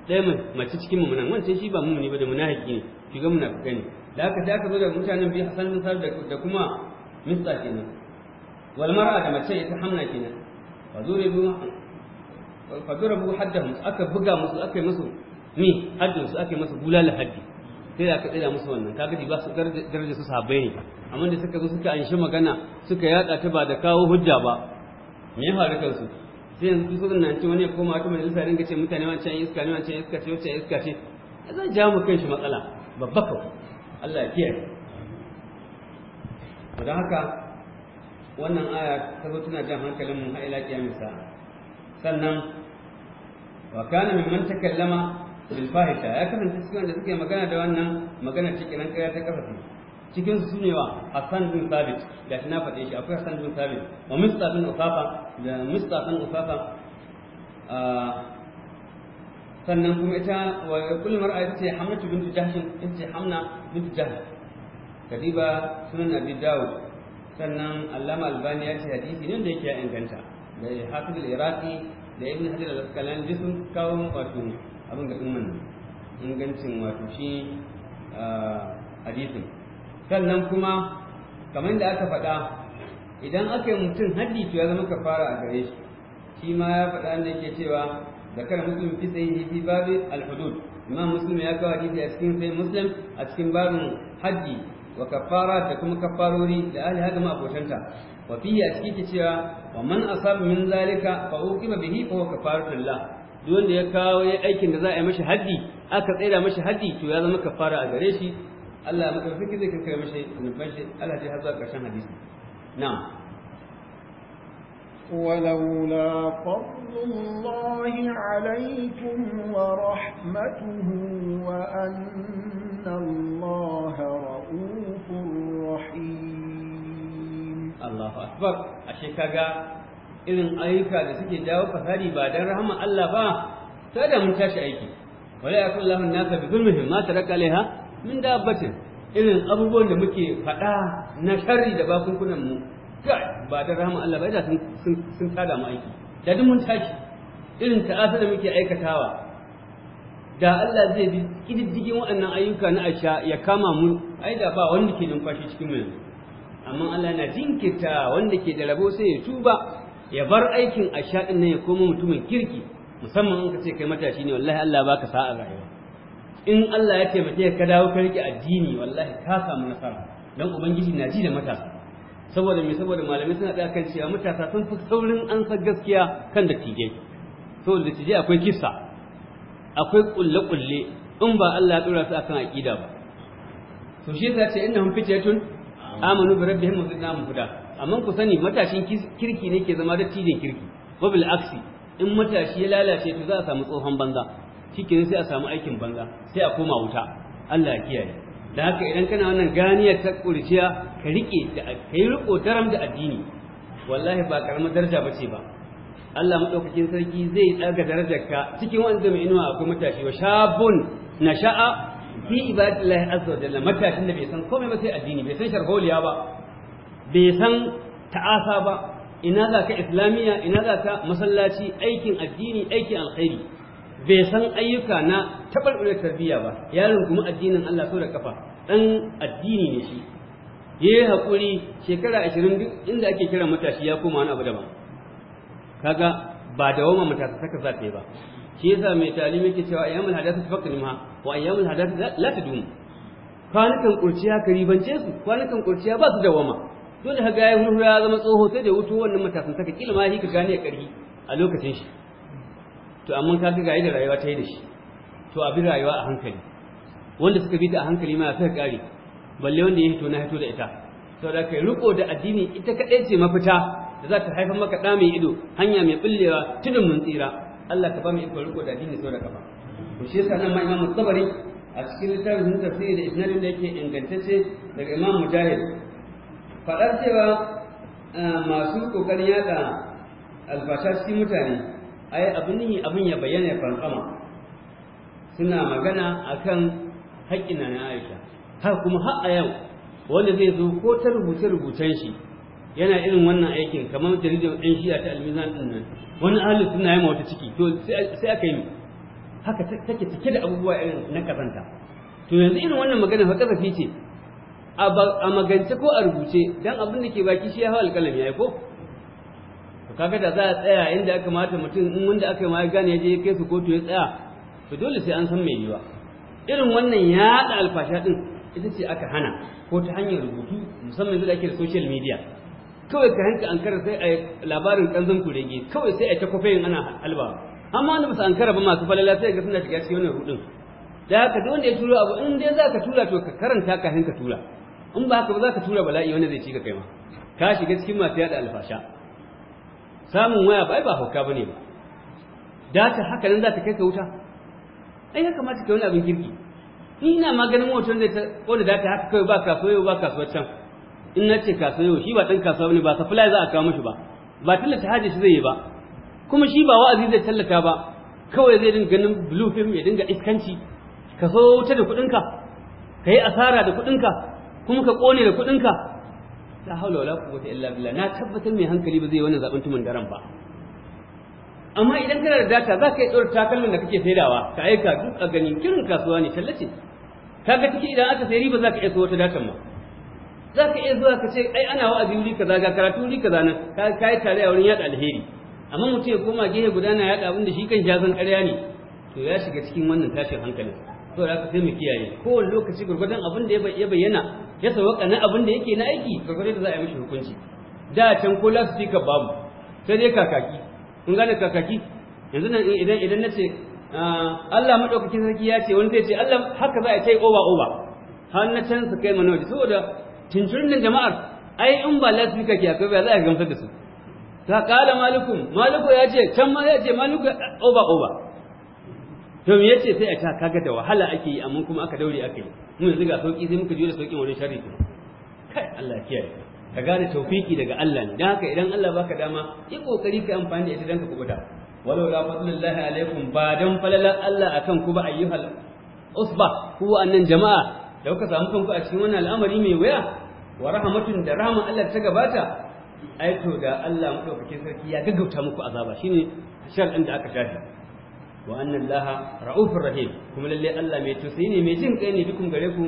ɗaya mace cikin mummunan wancan shi ba mummuni ba da munafiki ne shi ga munafika ne da aka sai aka zo da mutanen biyu hasan bin sabit da kuma musta kenan wal mar'a da mace ita hamna kenan wa bi fadura mu haddahu aka buga musu aka yi musu ni haddin su aka yi musu bulala haddi sai aka tsira musu wannan kaga ba su daraja su sahabbai ne amma da suka zo suka anshi magana suka yada ta ba da kawo hujja ba me ya faru kansu sai yanzu su nan ce wani ya koma wata majalisa ringa ce mutane wancan iska ne wancan iska ce wancan iska ce zai ja mu shi matsala babba ko. Allah ya kiyaye don haka wannan aya ta zo tana jan hankalin mu har ila kiyamin sannan wa kana mimman takallama bil fahisha ya kasance cikin wanda suke magana da wannan magana cikin nan kaya ta kafafi cikin su ne wa Hassan bin Sabit da shi na faɗe shi akwai Hassan bin Sabit wa Musta bin Usafa da Musta bin Usafa sannan kuma ita wa kullu mar'a ita ce Hamnatu bintu Jahsh ita ce Hamna bintu Jahsh kadiba sunan Abi Dawud sannan Allama Albani ya ce hadisi ne da yake ya inganta da Hafiz al-Iraqi da ibn hajar al duk sun kawo wato abin da ingancin wato shi hadisin sannan kuma kamar da aka faɗa idan aka yi mutum haddi to ya zama kafara a gare shi shi ma ya faɗa ne ke cewa da kar muslim fi yi fi babin al imam muslim ya kawo hadisi a cikin sai muslim a cikin babin haddi wa kafara da kuma kafarori da ahli hadama abotanta wa fi a ciki cewa wa man asab min zalika fa uqiba bihi fa huwa kafaratul lah duk wanda ya kawo ya aikin da za a yi mashi haddi aka tsaida mashi haddi to ya zama kafara a gare shi Allah madaukaki zai kankare mashi zunuban shi Allah zai hazo karshen hadisi na'am ولولا فضل الله عليكم ورحمته وأن akbar ashe kaga irin ayyuka da suke jawo fasadi ba dan rahama Allah ba sai da mun tashi aiki wala yakul lahu nasa bi zulmihi ma taraka laha min dabbatin irin abubuwan da muke faɗa na sharri da bakunkunan mu kai ba dan rahama Allah ba da sun sun tada mu aiki da duk mun tashi irin ta'asa da muke aikatawa da Allah zai bi kididdigin waɗannan ayyuka na aisha ya kama mu ai da ba wanda ke numfashi cikin mu yanzu amma Allah na jinkirta wanda ke da rabo sai ya tuba ya bar aikin asha din nan ya koma mutumin kirki musamman an ka ce kai matashi ne wallahi Allah baka sa'a rayuwa in Allah ya taimake ka dawo ka riƙe addini wallahi ka samu nasara dan ubangiji na ji da matasa saboda me saboda malamai suna da kan cewa matasa sun fi saurin an san gaskiya kan dattijai saboda tije akwai kissa akwai kulle-kulle in ba Allah ya dora su akan aqida ba to shi yasa ce innahum fitatun amanu bi rabbihim wa zidnahum huda amma ku sani matashin kirki ne ke zama dattijan kirki wa bil aksi in matashi ya lalace to za a samu tsohon banza shikenan sai a samu aikin banza sai a koma wuta Allah ya kiyaye da haka idan kana wannan ganiyar ta kurciya ka rike da kai riko daram da addini wallahi ba karamar daraja bace ba Allah madaukakin sarki zai daga darajarka cikin wanda mai inuwa akwai matashi wa shabun nasha'a fi ibadillahi azza wa jalla matashin da bai san komai ba sai addini bai san sharholiya ba bai san ta'asa ba ina za ka islamiyya ina za ka masallaci aikin addini aikin alkhairi bai san ayyuka na taɓarɓarar tarbiyya ba yaron kuma addinin Allah so da kafa ɗan addini ne shi ya yi shekara ashirin duk inda ake kira matashi ya koma wani abu daban kaga ba dawama matasa saka za yi ba shi yasa mai talimi yake cewa ayyamul hadathatu faqrimha wa ayyamul hadatha la tadum kwanukan kurciya ka ribance su kwanukan kurciya ba su da wama dole ha ga yayin ya zama tsoho sai da wuto wannan matasan saka kila ma ka gane karhi a lokacin shi to amma ka ga da rayuwa ta yi da shi to a bi rayuwa a hankali wanda suka bi ta a hankali ma sai kare balle wanda ya hito na hito da ita saboda kai riko da addini ita kadai ce mafita da za ta haifar maka da mai ido hanya mai bullewa tudun mun tsira Allah ka ba mu ikon riko da addini sau da kafa to shi yasa nan ma imamu tabari a cikin littafin tafsiri da isnadin da yake ingantacce daga imam mujahid faɗar cewa eh, masu kokarin yada albasha cikin mutane ai abin ne abin ya bayyana ya fankama suna magana akan haƙƙin na Aisha har kuma har a yau wanda zai zo ko ta rubuce rubucen shi yana irin wannan aikin kamar jaridar ɗan shiya ta almizan ɗin nan wani ahalin suna yi wata ciki to sai aka yi haka take cike da abubuwa irin na kazanta to yanzu irin wannan magana fa kazafi ce a magance ko a rubuce dan abin da ke baki shi ya hawa alƙalam ya yi ko to kaga da za a tsaya inda aka mata mutum in wanda aka ma gane ya je ya kai su kotu ya tsaya to dole sai an san mai yiwa irin wannan ya yaɗa alfasha ɗin ita ce aka hana ko ta hanyar rubutu musamman yanzu da ake da social media kawai ka hanka ankara sai a labarin kanzon kurege kawai sai a ta kwafayin ana alba amma wanda musu su ankara ba masu falala sai ga suna shiga cikin wannan rudin da haka duk wanda ya turo abu in dai za ka tura to ka karanta ka hanka tura in ba haka ba za ka tura bala'i wanda zai ci ka kai ma ka shiga cikin masu yada alfasha samun waya ba ai ba hauka bane ba da haka haka nan za ta kai ka wuta ai ya kamata ka wani abin kirki ni ina maganin motar zai ta kona ta haka kawai ba kasuwa yau ba kasuwa can in na ce kasuwa yau shi ba ɗan kasuwa ne ba supply za a kawo mashi ba ba tallata haji shi zai yi ba kuma shi ba wa'azi zai tallata ba kawai zai dinga ganin blue film ya dinga iskanci ka so wuta da kuɗinka ka yi asara da kuɗinka kuma ka ƙone da kuɗinka la haula wala quwwata illa billah na tabbatar mai hankali ba zai yi wannan zaɓen tumun daren ba amma idan kana da data za ka yi ɗora takalmin da kake saidawa ka aika duk a gani kirin kasuwa ne tallace ga ciki idan aka sayi riba za ka iya so wata datan ma za ka iya zuwa ka ce ai ana wa'azi wuri kaza ga karatu wuri kaza nan ka kai tare a wurin yaɗa alheri amma mutum ya koma gehe gudana ya yaɗa abin da shi kan jazan ƙarya ne to ya shiga cikin wannan tashin hankalin to da ka sai mu kiyaye kowane lokaci gurgurdan abin da ya bayyana ya sauka na abin da yake na aiki gurgurdan da za a yi mishi hukunci da can ko ka babu sai dai kakaki kun gane kakaki yanzu nan idan idan na ce ah, Allah madaukakin sarki ya ce wani zai ce Allah haka za a kai oba oba har na can su kai mana saboda cincirin da jama'ar ai in ba lasfika ke akwai ba za a gamsar da su ta kala malikun maliku ya ce can ma ya ce maliku oba oba to me yace sai a ta kaga da wahala ake yi amma kuma aka daure aka yi mun yanzu ga sauki sai muka jure sauki wurin sharri kai Allah kiyaye ka gane tawfiki daga Allah ne dan haka idan Allah baka dama yi kokari ka amfani da ita dan ka kubuta walau la fadlullahi alaikum ba dan falalar Allah akan ku ba ayyuhal usba ku annan jama'a da kuka samu kanku a cikin wannan al'amari mai waya wa rahmatun da rahman Allah ta gabata aiko to da Allah madaukakin sarki ya gaggauta muku azaba shine shar din da aka shafi wa anna Allah ra'ufur rahim kuma lalle Allah mai tausayi ne mai jin kai ne dukun gare ku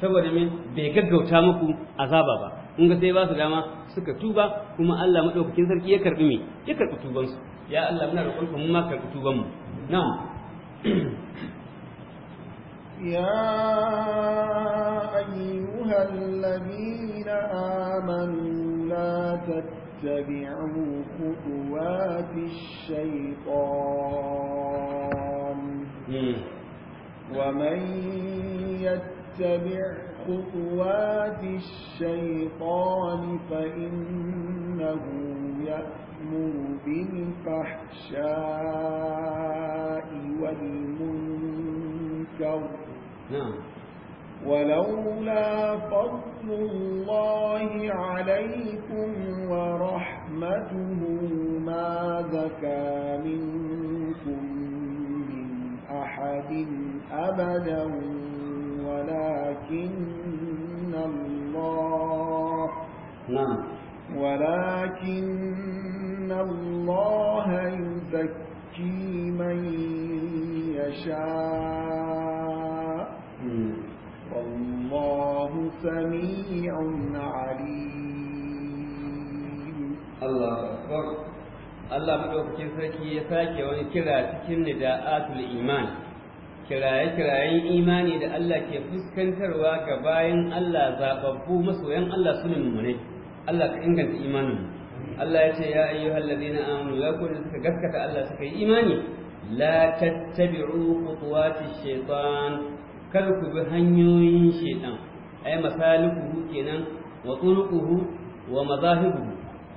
saboda me bai gaggauta muku azaba ba in ga sai ba su dama suka tuba kuma Allah madaukakin sarki ya karbi me ya karbi tubansu ya Allah muna roƙon ka mu ma karbi tuban mu na'am يا أيها الذين آمنوا لا تتبعوا خطوات الشيطان ومن يتبع خطوات الشيطان فإنه يأمر بالفحشاء والمنكر نعم ولولا فضل الله عليكم ورحمته ما زكى منكم من أحد أبدا ولكن الله نعم ولكن الله يزكي من يشاء سميع عليم الله أكبر Allah madaukakin sarki ya sake wani kira cikin nida'atul iman kiraye-kirayen imani da Allah ke fuskantarwa ga bayan Allah zababbu masoyan Allah su ne mummune Allah ka inganta imanin Allah ya ce ya ayyuhal na amanu ya kullu suka gaskata Allah suka yi imani la tattabi'u khutuwati shaytan kar ku bi hanyoyin shaytan ay masalikuhu kenan wa turuquhu wa mazahibuhu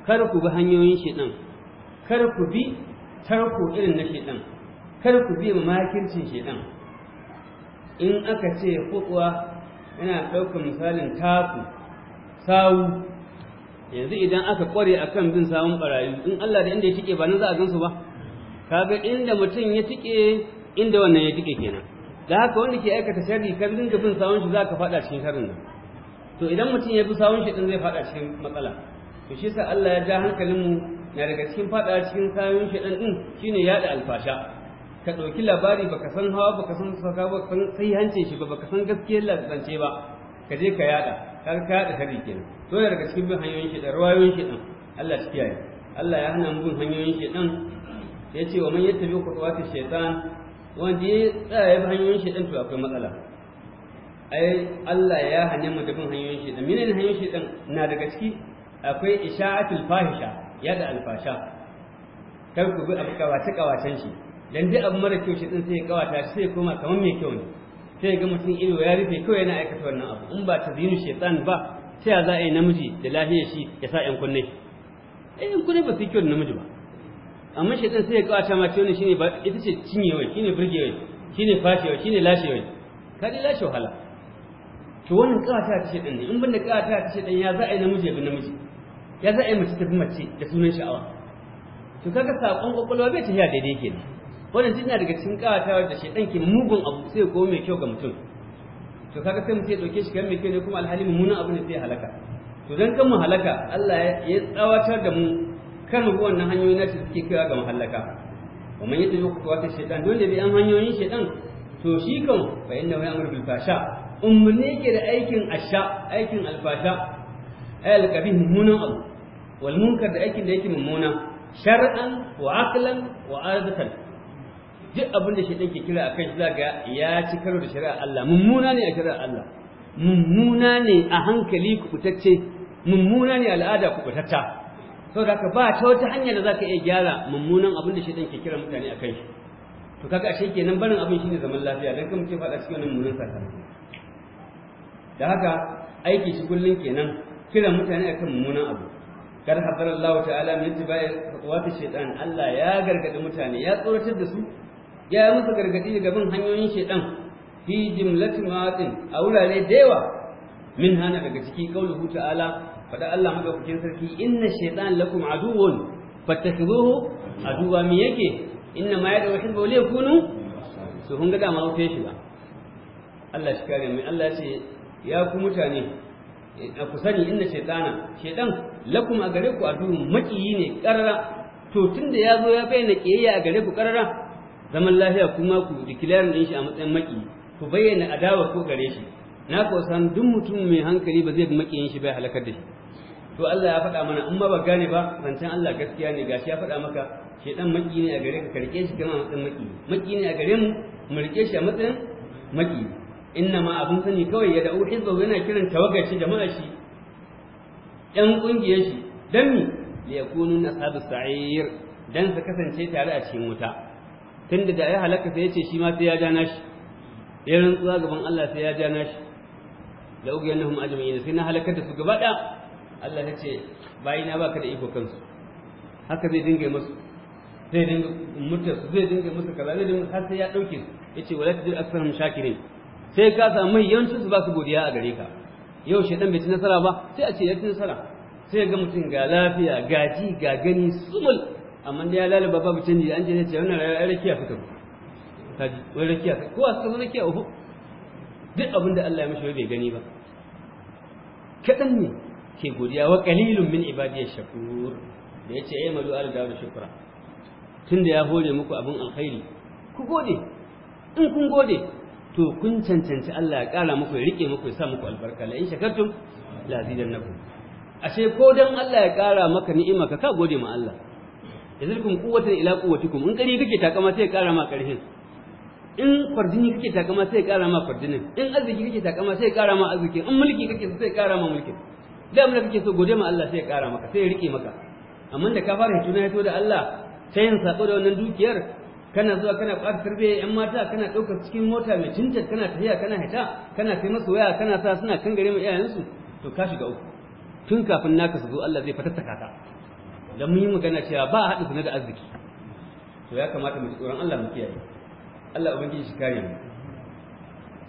kar ku bi hanyoyin shedan kar ku bi tarko irin na shedan kar ku bi makircin shedan in aka ce kuwa ina ɗaukar misalin taku sawu yanzu idan aka kware akan bin sawun barayi in Allah da inda ya tike ba nan za a gansu ba kaga inda mutum ya tike inda wannan ya tike kenan da haka wanda ke aikata sharri ka dinga bin sawun shi zaka fada cikin sharrin nan to idan mutum ya bi sawun shi din zai fada cikin matsala to shi sa Allah ya ja hankalin mu na daga cikin fada cikin sawun shi din din shine yada alfasha ka dauki labari baka san hawa baka san saka baka san sai hancin shi ba baka san gaskiyar lantance ba ka je ka yada kaga ka yada sharri kenan to daga cikin bin hanyoyin shi da ruwayoyin shi din Allah shi kiyaye Allah ya hana mu bin hanyoyin shi din yace wa man yattabi khutuwati shaytan wanda ya tsaya bi hanyoyin shaidan to akwai matsala ai Allah ya hanyar mu da bin hanyoyin shaidan menene hanyoyin na daga ciki akwai isha'atul fahisha yada alfasha kar ku bi abu kawace kawacen shi dan duk abu mara kyau shaidan sai ya kawata sai ya koma kamar mai kyau ne sai ga mutum ido ya rufe kawai yana aikata wannan abu in ba ta zinu shaitan ba sai za a yi namiji da lafiyar shi ya sa yan kunne yan kunne ba su kyau namiji ba amma shaitan sai ya kawata ma ta shine ba ita ce wai shine wai shine fashewa shine wai ka dai lashe wahala to wannan kawata ta shaitan ne in banda kawata ta shaitan ya za a yi namiji ya bi namiji ya za a yi mace ta bi mace da sunan sha'awa to kaga sakon kwakwalwa bai tafiya daidai ke kenan wannan tana daga cikin kawata da shaitan ke mugun abu sai ko mai kyau ga mutum to kaga sai mutum ya dauke shi kan mai kyau ne kuma alhali mummunan abu ne sai halaka to dan kan mu halaka Allah ya tsawatar da mu kan wannan hanyoyi na ta suke kira ga mahallaka wa man yadda yau kuwa ta shaitan don da bi an hanyoyin shaitan to shi kan fa inna wa ya'muru bil fasha ummune ke da aikin asha aikin alfasha ay alqabih mummunan abu wal munkar da aikin da yake mummuna shar'an wa aqlan wa adatan duk abin da shaitan ke kira a shi zaga ya ci karo da shari'a Allah mummuna ne a shari'a Allah mummuna ne a hankali ku kubutacce mummuna ne al'ada ku kubutatta saboda ka ba ta wata hanya da zaka iya gyara mummunan abin da shaitan ke kira mutane akai shi to kaga ashe kenan barin abin shine zaman lafiya dan kuma ke faɗa cikin wannan mummunan sakamako da haka aiki shi kullun kenan kiran mutane akan mummunan abu kar hadar Allah ta'ala min tibai ta shaitan Allah ya gargadi mutane ya tsoratar da su ya yi musu gargadi daga bin hanyoyin shaitan fi jimlatin ma'atin a wurare da yawa min hana daga ciki kauluhu ta'ala faɗa Allah madaukakin sarki inna shaytan lakum aduwwun fattakhuhu aduwa mi yake inna ma yadu wahin li yakunu to kun ga dama wuce shi ba Allah shi kare mai Allah ce ya ku mutane ku sani inna shaytana shaytan lakum a gare ku aduwwun makiyi ne karara to tunda ya zo ya bayyana kiyayya a gare ku karara zaman lafiya kuma ku declare din shi a matsayin maki ku bayyana adawa ko gare shi na ko san duk mutum mai hankali ba zai maki yin shi bai halakar da shi to Allah ya faɗa mana in ma ba gane ba rancen Allah gaskiya ne gashi ya faɗa maka shedan maki ne a gare ka karke shi kana matsayin maki maki ne a gare mu mu rike shi a matsayin maki inna ma abun sani kawai ya da'u hizba yana kiran tawagar shi jama'a shi yan ƙungiyar shi dan mi li yakunu ashabu sa'ir dan su kasance tare a cikin wuta tunda da ya halaka sai yace shi ma sai ya jana shi ya rantsuwa gaban Allah sai ya jana shi da ugiyannahum ajma'in sai na halakar da su gaba ɗaya Allah ya ce na baka da iko kansu haka zai dinga musu zai dinga mutar su zai dinga musu kaza zai dinga har sai ya dauke su yace wala tajid aksarhum shakirin sai ka mai yawancin su ba su godiya a gare ka yau shedan bai ci nasara ba sai a ce ya ci nasara sai ga mutum ga lafiya ga ji ga gani sumul amma da ya lalaba babu canji an je ce wannan rayuwar rakiya ta kaji wai rakiya ko a suka zo rakiya uku duk abin da Allah ya mishi bai gani ba kaɗan ne ke godiya wa kalilun min ibadiyash shakur da yace yi eh, malu ala da shukura. tunda ya hore muku abin alkhairi ku gode in kun gode to kun cancanci Allah ya kara muku ya rike muku ya sa muku albarka la in shakartum la zidannakum ashe ko dan Allah ya kara maka ni'ima ka ka gode ma Allah yazilkum quwwatan ila quwwatikum in kari kake takama sai ya kara ma karfin in kwardini kake takama sai ya kara ma fardinin in arziki kake takama sai ya kara ma arzikin in mulki kake sai ya kara ma mulkin da abin da kake so gode ma Allah sai ya ƙara maka sai ya rike maka amma da ka fara hituna ya to da Allah ta yin sako da wannan dukiyar kana zuwa kana kwafi tarbiya yan mata kana ɗaukar cikin mota mai cinta kana tafiya kana hita kana kai masu waya kana sa suna kan gare mu iyayensu to ka shiga uku tun kafin naka su zo Allah zai fatattaka ka dan mun yi magana cewa ba a haɗa da arziki to ya kamata mu tsoron Allah mu kiyaye Allah ubangiji shi kare mu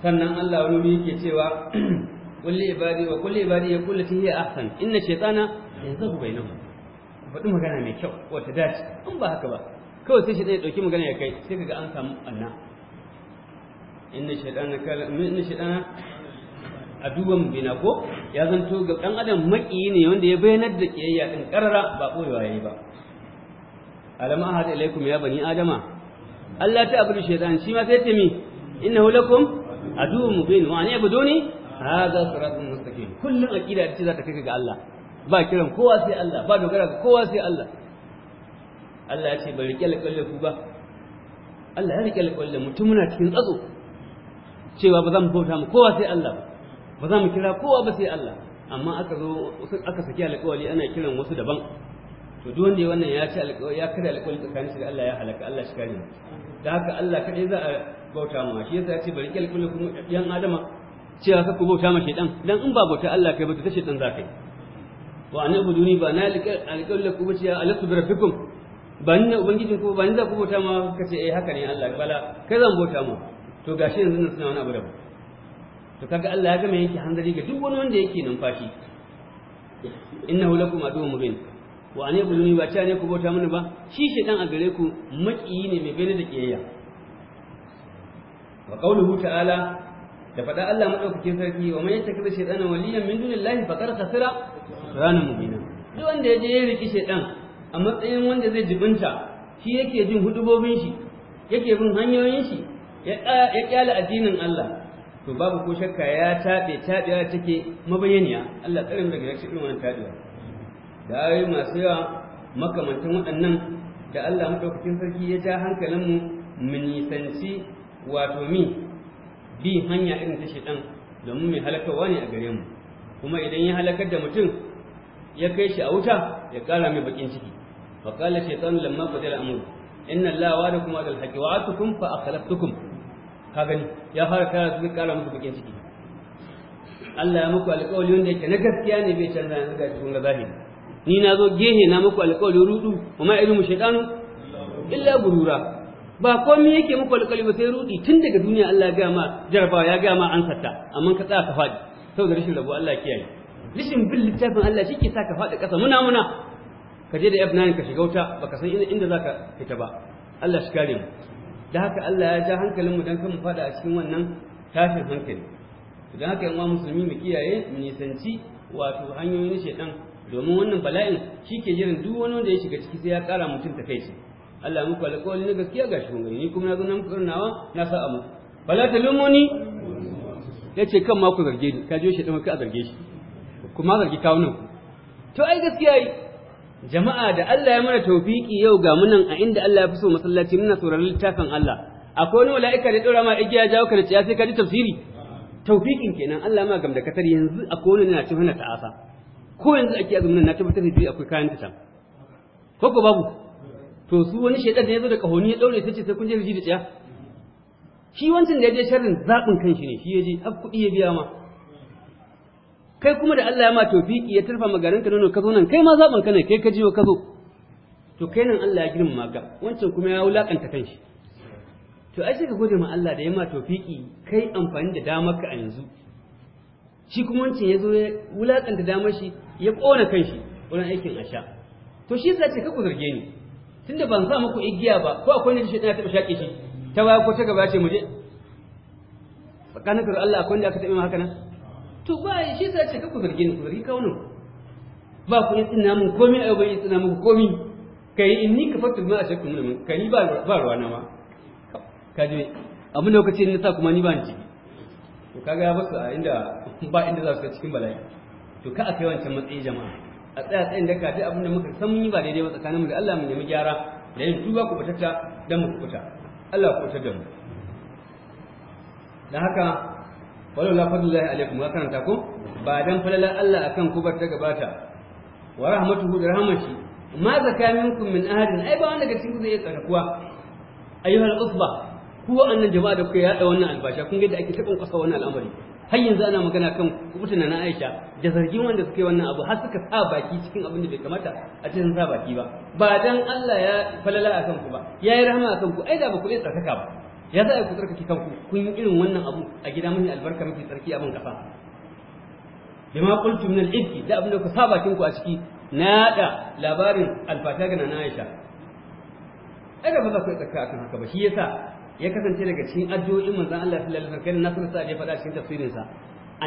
sannan Allah wani yake cewa kulli ibadi wa kulli ibadi ya kulli fihi ahsan inna shaytana yanzahu bainahum faɗi magana mai kyau wata dace in ba haka ba kawai sai shaytan ya dauki magana ya kai sai kaga an samu anna inna shaytana kala inna shaytana aduwan bina ko ya zanto ga dan adam maƙiyi ne wanda ya bayanar da kiyayya din karara ba boyewa yayi ba alam ahad ilaikum ya bani adama Allah ta abudu shaytan shi ma sai ta mi innahu lakum aduwwun mubin wa an yabuduni hada siratun mustaqim kullun aqida ce za ta kai ga Allah ba kiran kowa sai Allah ba dogara ga kowa sai Allah Allah ya ce bari rike alƙalle ku ba Allah ya rike alƙalle mutum muna cikin tsatso cewa ba za mu bauta mu kowa sai Allah ba za mu kira kowa ba sai Allah amma aka zo aka saki alƙawari ana kiran wasu daban to duk wanda wannan ya ci alƙawari ya kada alƙawari tsakanin shi da Allah ya halaka Allah shi kare da haka Allah kadai za a bauta mu shi yasa ya ce bari rike alƙalle ku ɗan adama cewa ka kubo ta mace dan dan in ba bauta Allah kai ba ta shaidan za ka yi wa an ni ba na alƙawar lakum ba cewa alastu bi rabbikum ba ni na ubangijin ku ba ni za ku bauta ma ka ce eh haka ne Allah bala kai zan bauta mu to gashi yanzu nan suna wani abu daban to kaga Allah ya gama yanke hanzari ga duk wani wanda yake numfashi innahu lakum aduwwun mubin wa ne ni ba ta ne ku bauta mana ba shi shedan a gare ku makiyi ne mai bayyana da kiyayya wa qawluhu ta'ala da faɗa Allah maɗaukakin sarki wa man yattakhidhu shaytana waliyan min dunillahi faqad khasira ranan mu'mina duk wanda ya je ya riki shaytan a matsayin wanda zai jibinta shi yake jin hudubobin shi yake bin hanyoyin shi ya kyala addinin Allah to babu ko shakka ya taɓe taɓewa take mabayaniya Allah tsarin daga yake irin wannan taɓewa da ayoyi masu yawa makamantan waɗannan da Allah maɗaukakin sarki ya ja hankalinmu mu nisanci wato mi bi hanya irin ta shaitan domin mai halakarwa ne a gare mu kuma idan ya halakar da mutum ya kai shi a wuta ya kara mai bakin ciki fa qala shaytanu lamma qadara amru inna allaha wa'adakum wa'adal haqqi wa'atukum fa akhlaftukum ka gani ya fara kara su kara muku bakin ciki Allah ya muku alƙawari wanda yake na gaskiya ne bai canza yanzu ga cikin ga zahiri ni na zo gehe na muku alƙawari rudu kuma ilmu shaytanu illa gurura ba komai yake muku alƙali ba sai rudi tun daga duniya Allah ya ga ma jarabawa ya ga ma an satta amma ka tsaya ka faɗi saboda rashin rabo Allah kiyaye rashin bin littafin Allah shi ke sa ka faɗi ƙasa muna muna ka je da f ka shiga wuta baka san inda ka fita ba Allah shi kare mu da haka Allah ya ja hankalin mu dan kan mu a cikin wannan tashin hankali idan haka yan musulmi mu kiyaye mu nisanci wato hanyoyin shedan domin wannan bala'in shi ke jiran duk wani wanda ya shiga ciki sai ya ƙara kai takaici Allah muku alƙawari na gaskiya ga shi gani ni kuma na zo na muku nawa na sa amu ta lumuni yace kan ma ku zarge ni ka je shi dan ka zarge shi kuma zargi kawo nan to ai gaskiya yi jama'a da Allah ya mana tawfiki yau ga munan a inda Allah ya fi so masallaci muna tsoron littafin Allah akwai wani mala'ika da dora ma igiya jawo ka da ciya sai ka ji tafsiri tawfikin kenan Allah ma gam da katar yanzu akwai wani na cewa na ta'asa ko yanzu ake azumin na tabbatar da akwai kayan ta ko ko babu to su wani shaidan da ya zo da kahoni ya daure ta ce sai kun je ji da tsaya shi wancan da ya je sharrin zaɓin kanshi ne shi ya je har kuɗi ya biya ma kai kuma da Allah ya ma tofiki ya tarfa magarin ka nono ka zo nan kai ma zaɓin ka ne kai ka jiyo ka zo to kai nan Allah ya girmama ka wancan kuma ya wulakanta kanshi to ai sai ka gode ma Allah da ya ma tofiki kai amfani da damar ka a yanzu shi kuma wancan ya zo ya wulakanta damar shi ya ƙona kanshi wurin aikin asha to shi za ce ka ku zarge ni tunda ban sa muku igiya ba ko akwai ne da shaytan ya shaƙe shake shi ta baya ko ta gaba ce mu je tsakanin ka Allah akwai da aka taɓa haka nan to ba shi sai ce ka ku zargi ni ku zargi kaunin ba ku tsina mun komai yau bai tsina mun komai kai ni ka fatu ma a shakku mun kai ba ba ruwa na ma ka je abin da kace ni sa kuma ni ba ni to kaga ya basu a inda ba inda za su cikin bala'i to ka a kai wancan matsayin jama'a a tsaya tsayin da kafi abin da muka san mun yi ba daidai ba tsakaninmu da Allah mu nemi gyara da yin tuba ku fitatta don mu kuta Allah ku fitar da mu da haka walau la fadlillahi alaikum ka karanta ku? ba dan falalar Allah akan ku bar ta gabata wa rahmatuhu da rahmashi ma zaka minkum min ahadin ai ba wanda ga cikin zai yi tsarkuwa ayyuhal usba ku wa'annan jama'a da kuka yada wannan albasha kun ga yadda ake taɓin kwasa wannan al'amari har yanzu ana magana kan kubutuna na Aisha da zargin wanda suka yi wannan abu har suka sa baki cikin abin da bai kamata a cikin sa baki ba ba dan Allah ya falala akan ku ba yi rahama akan ku ai da ba ku iya tsarkaka ba ya za a ku tsarkake kanku kun yi irin wannan abu a gida mun albarka mafi tsarki abin kafa bima qultu min al da abin da ku sa bakin ku a ciki na da labarin alfata ga na Aisha ai da ba za ku tsarkaka akan haka ba shi yasa ya kasance daga cikin addu'o'in manzon Allah sallallahu alaihi wasallam nasar sa ya faɗa cikin tafsirin sa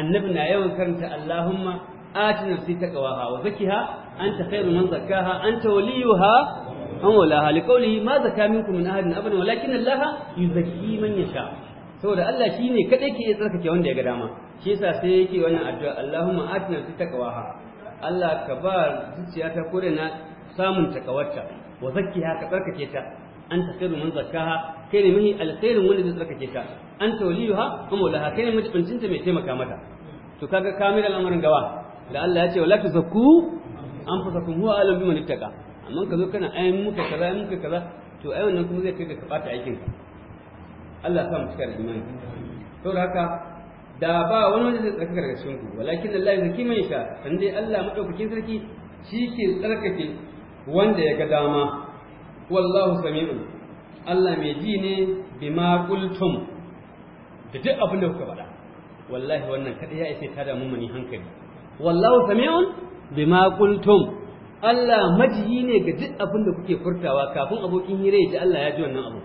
annabi na yawan karanta Allahumma ati nafsi taqwaha wa zakkiha anta khairu man zakkaha anta waliyuha an wala liqawlihi ma zakka minkum min ahadin abadan walakin Allah yuzakki man yasha saboda Allah shi ne kaɗai ke iya tsarkake wanda ya ga dama shi yasa sai yake wannan addu'a Allahumma atina ta taqwaha Allah ka ba zuciyata, ta kore na samun takawarta wa zakkiha ka tsarkake ta anta khairu man zakkaha kai ne mahi alkhairin wanda zai tsarkake ta anta waliyuha wa maulaha kai ne majibincin ta mai taimaka mata to kaga kamil al'amarin gawa da Allah ya ce wala tuzakku anfusakum huwa a'lamu biman ittaqa amma ka zo kana ayin muka kaza ayin kaza to ai wannan kuma zai kai ka kabata aikin ka Allah sa mu cika da imani saboda haka da ba wani zai daga cikin ku walakin Allah zaki sha sarki shi ke tsarkake wanda ya ga dama wallahu sami'un Allah mai ji ne bima qultum da duk abin da kuka faɗa wallahi wannan kada ya isa tada mu muni hankali wallahu sami'un bima qultum Allah majiyi ne ga duk abin da kuke furtawa kafin abokin hira ya ji Allah ya ji wannan abu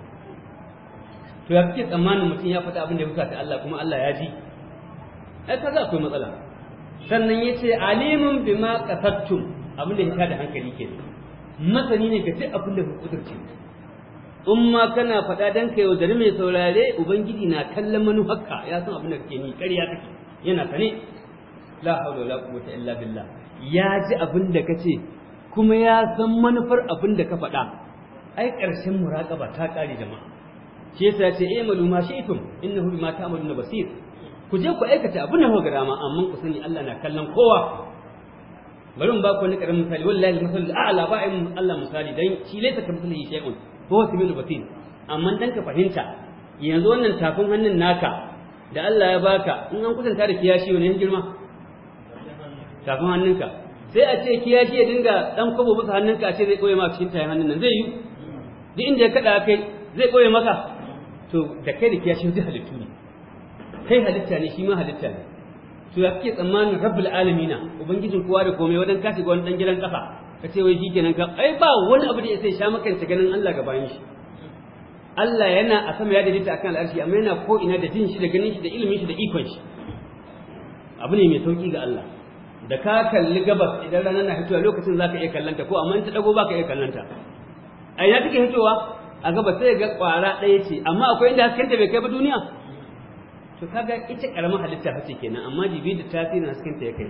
to ya kike tsammanin mutum ya faɗa abin da ya fusata Allah kuma Allah ya ji ai kaza akwai matsala sannan yace alimun bima qatattum abin da ya tada hankali kenan masani ne ga duk abin da ka kudurce in ma kana faɗa dan ka yaudari mai saurare ubangiji na kallon manufarka ya san abin da kake ni ƙarya take yana sane la haula wala quwwata illa billah ya ji abin da kace kuma ya san manufar abin da ka faɗa ai ƙarshen muraqaba ta ƙare jama'a shi yasa ya ce eh maluma shaytum innahu bima ta'maluna basir ku je ku aikata abin da kuka dama amma ku sani Allah na kallon kowa bari mu ba ku wani karamin misali wallahi masalul a'la ba ai Allah misali dan shi laysa ka misali shay'un ko sibilu batin amma dan ka fahimta yanzu wannan tafin hannun naka da Allah ya baka in an kusanta da kiyashi wani girma tafin hannunka sai a ce kiyashi ya dinga dan kobo bisa hannunka a ce zai koye maka cikin tayin hannun nan zai yi duk inda ya kada kai zai koye maka to da kai da kiyashi zai halittu ne kai halitta ne shi ma halitta ne to ya kike tsammanin rabbul alamina ubangijin kowa da komai wadan ka shiga wani dan gidan kafa ka ce wai shikenan ka ai ba wani abu da ya sai sha ganin Allah ga gaban shi Allah yana a sama ya daidaita akan al'arshi amma yana ko ina da jin shi da ganin shi da ilimin shi da ikon shi abu ne mai sauki ga Allah da ka kalli gabas idan ranar na fitowa lokacin zaka iya kallanta ko amma in ta dago baka iya kallanta a ina take hitowa? a gabas sai ga kwara ɗaya ce amma akwai inda ta bai kai ba duniya to kaga ita karamar halitta fa kenan amma jibi da na hasken ta ya kai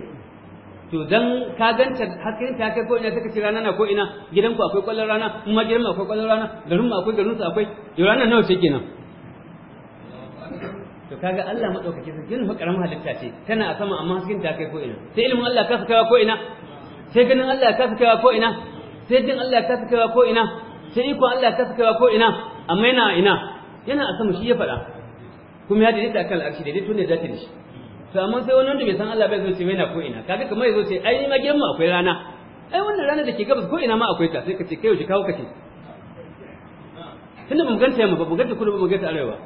to dan ka ganta hasken ta kai ko ina take ci rana na ko ina gidan ku akwai kwallon rana kuma gidan mu akwai kwallon rana garin mu akwai garin su akwai to rana nawa ce kenan to kaga Allah madaukake sai gidan karamar halitta ce tana a sama amma hasken ta kai ko ina sai ilimin Allah ka fitawa ko ina sai ganin Allah ka fitawa ko ina sai din Allah ka fitawa ko ina sai iko Allah ka fitawa ko ina amma yana ina yana a sama shi ya faɗa kuma ya daidaita akan al'arshi daidaito ne zata da shi to amma sai wani wanda bai san Allah bai zo ce mai na ko ina kaga kamar yazo ce ai ma gidan mu akwai rana ai wannan rana da ke gabas ko ina ma akwai ta sai ka ce kai yaushe kawo kace tunda ba mu ganta yamma ba mu ganta kudu ba mu ganta arewa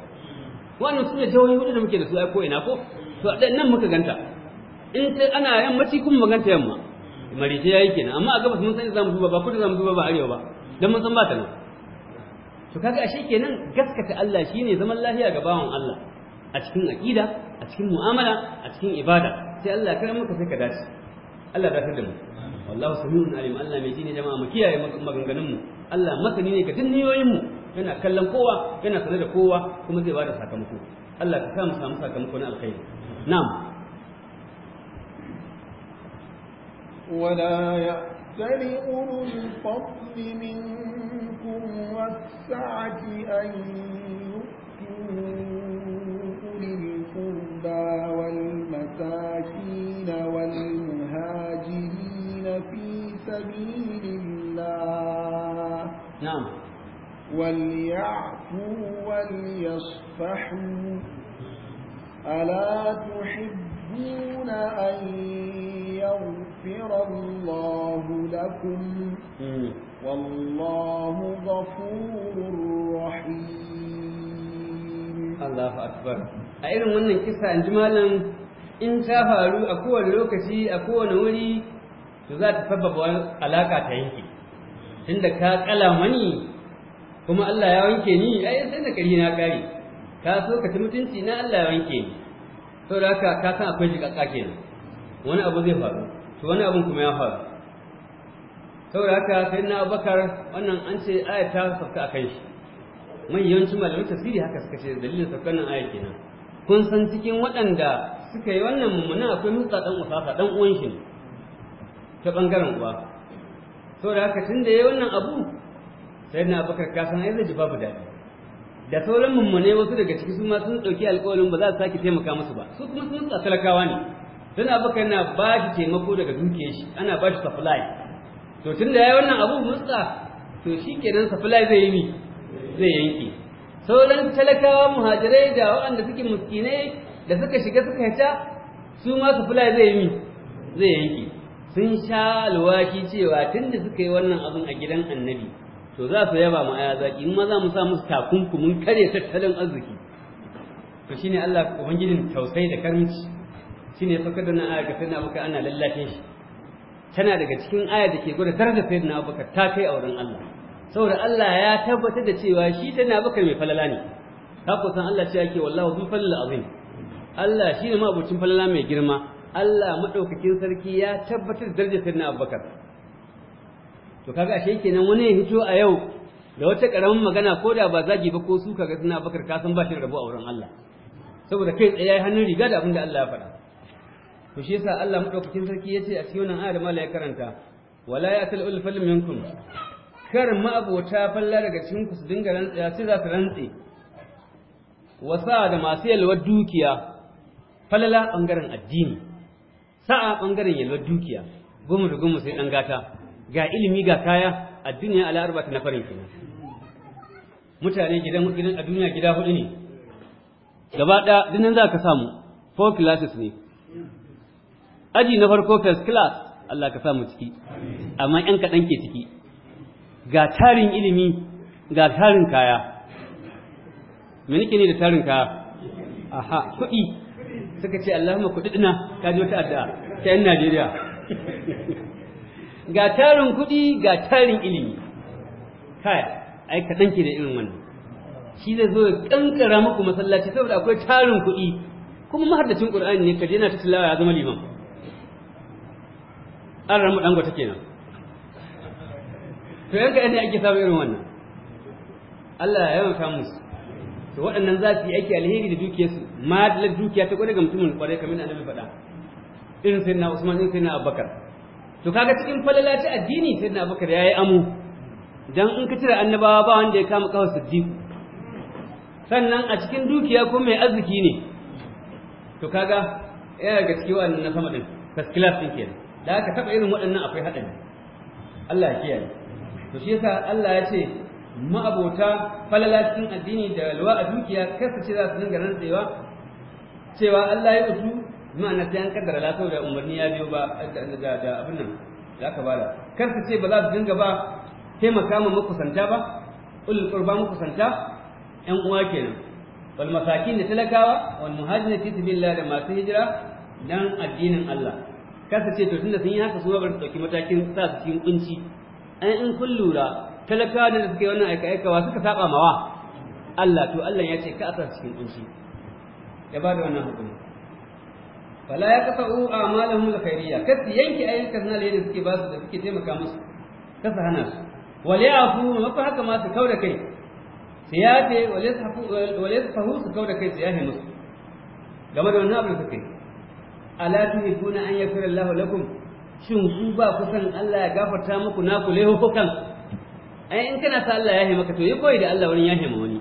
wannan sune jawoyi hudu da muke da su ai ko ina ko to nan muka ganta in sai ana yammaci kuma mu ganta yamma marice yayi kenan amma a gabas mun san zamu duba ba kudu zamu duba ba arewa ba dan mun san ba ta nan to kaga ashe kenan gaskata Allah shine zaman lafiya ga bawan Allah a cikin aqida a cikin mu'amala a cikin ibada sai Allah kar muka sai ka dace Allah da da mu wallahu samiun alim Allah mai jini jama'a mu kiyaye maganganun mu Allah masani ne ga dinniyoyin mu yana kallon kowa yana sanar da kowa kuma zai bada sakamako Allah ka sa mu samu sakamako na alkhairi na'am ولا يأت فلأولو الفضل منكم والسعة أن يؤتوا أولي القربى والمساكين والمهاجرين في سبيل الله نعم وليعفوا وليصفحوا ألا تحب تحبون أن يغفر الله لكم والله غفور رحيم الله أكبر أيضا من كسا جمالا إن ta أقوى a kowane lokaci a kowane wuri to za ta sababa wani alaka tunda ka kala mani kuma Allah ya wanke ni ai sai da kari na kare ka so ka ci mutunci na Allah ya wanke ni saboda haka ka san akwai jikakka kenan wani abu zai faru to wani abun kuma ya faru saboda haka sai na abakar wannan an ce aya ta sauka a kan shi mai yawancin malamai tafsiri haka suka ce dalilin saukan nan aya kenan kun san cikin waɗanda suka yi wannan mummuna akwai nutsa dan usasa dan uwan shi ta bangaren uwa saboda haka tun da ya yi wannan abu sai na abakar ka san ai zai ji babu daɗi da sauran mummune wasu daga ciki su ma sun ɗauki alƙawarin ba za su sake taimaka musu ba su kuma sun tsasa talakawa ne don abubakar na ba shi taimako daga dukiyar shi ana ba shi supply to tun da ya yi wannan abu mutsa to shi kenan supply zai yi mi zai yanke sauran talakawa muhajirai da waɗanda suke muskinai da suka shiga suka hita su ma supply zai yi mi zai yanke sun sha alwaki cewa tun da suka yi wannan abin a gidan annabi to za su yaba mu aya zaki in ma za mu sa musu takunkumin kare tattalin arziki to shine Allah ubangijin tausayi da karimci shine ya kada da aya ga sayyidina Abubakar ana lallashin shi tana daga cikin aya da ke gwada da sayyidina Abubakar ta kai a wurin Allah saboda Allah ya tabbatar da cewa shi sayyidina Abubakar mai falala ne ka ku san Allah ce ke wallahi zul falal azim Allah shine ma abocin falala mai girma Allah madaukakin sarki ya tabbatar da darajar sayyidina Abubakar to kaga ashe kenan wani ya hito a yau da wata karamin magana ko da ba zagi ba ko suka ga suna bakar ka san ba shi rabo a wurin Allah saboda kai tsaye yayi hannun riga da abin da Allah ya faɗa to shi yasa Allah madaukakin sarki yace a cikin wannan ayar mala ya karanta wala yatal ulfal minkum kar ma abota falla daga cikin ku su dinga rantsa sai za su rantse wasa da masu yalwar dukiya falala bangaren addini sa'a bangaren yalwar dukiya gumu da gumu sai dan gata ga ilimi ga kaya addini ala arba'ati na farin kenan mutane gidan gidan a duniya gida hudu ne gaba ɗaya dinin za ka samu four classes ne aji na farko first class Allah ka samu ciki amma ƴan kaɗan ke ciki ga tarin ilimi ga tarin kaya me nake ne da tarin kaya aha kuɗi suka ce Allahumma kuɗi dina ka ji wata addu'a ta 'yan Najeriya ga tarin kuɗi ga tarin ilimi kai ai ka danke da irin wannan shi zai zo ya kankara muku masallaci saboda akwai tarin kuɗi kuma mahaddacin qur'ani ne kaje na ta tilawa ya zama liman an ramu dango take nan. to yanka ne ake samu irin wannan Allah ya yawan samu su to waɗannan za su yi aiki alheri da dukiyarsu ma da dukiya ta kware ga mutumin kware kamar annabi faɗa irin sayyidina Usman irin sayyidina Abubakar to kaga cikin falalaci addini sai na bakar yayi amu dan in ka tira annabawa ba wanda ya kama kawar siddiq sannan a cikin dukiya ko mai arziki ne to kaga yana ga cikin wannan na sama din first class din kenan da aka taba irin waɗannan akwai haɗari Allah ya kiyaye to shi yasa Allah ya ce ma'abota falalacin addini da luwa a dukiya kasa ce za su dinga rantsewa cewa Allah ya utu ma'ana sai an kaddara la da umarni ya biyo ba da abin nan da aka bada kar ka ce ba za su dinga ba taimaka ma makusanta ba ulul qurba makusanta yan uwa kenan wal masakin da talakawa wal muhajirin fi sabilillah da masu hijira dan addinin Allah kar ka ce to tunda sun yi haka su ba su dauki matakin sa su cikin kunci ai in kun lura talakawa da suke wannan aika aikawa suka saba mawa Allah to Allah ya ce ka a cikin kunci ya ba da wannan hukumi fala ya kasa u amalahum alkhairiyya kasu yanke ayyukan na alheri suke ba su da suke taimaka musu kasa hana su wal yafu fa haka ma su da kai su yafe wal wale su da kai su yafe musu game da wannan abin suke ala tuhibuna an yaghfira Allah lakum shin ku ba ku san Allah ya gafarta muku na ku lehukan ai in kana sa Allah ya yafe maka to yi koyi da Allah wurin yafe ma wani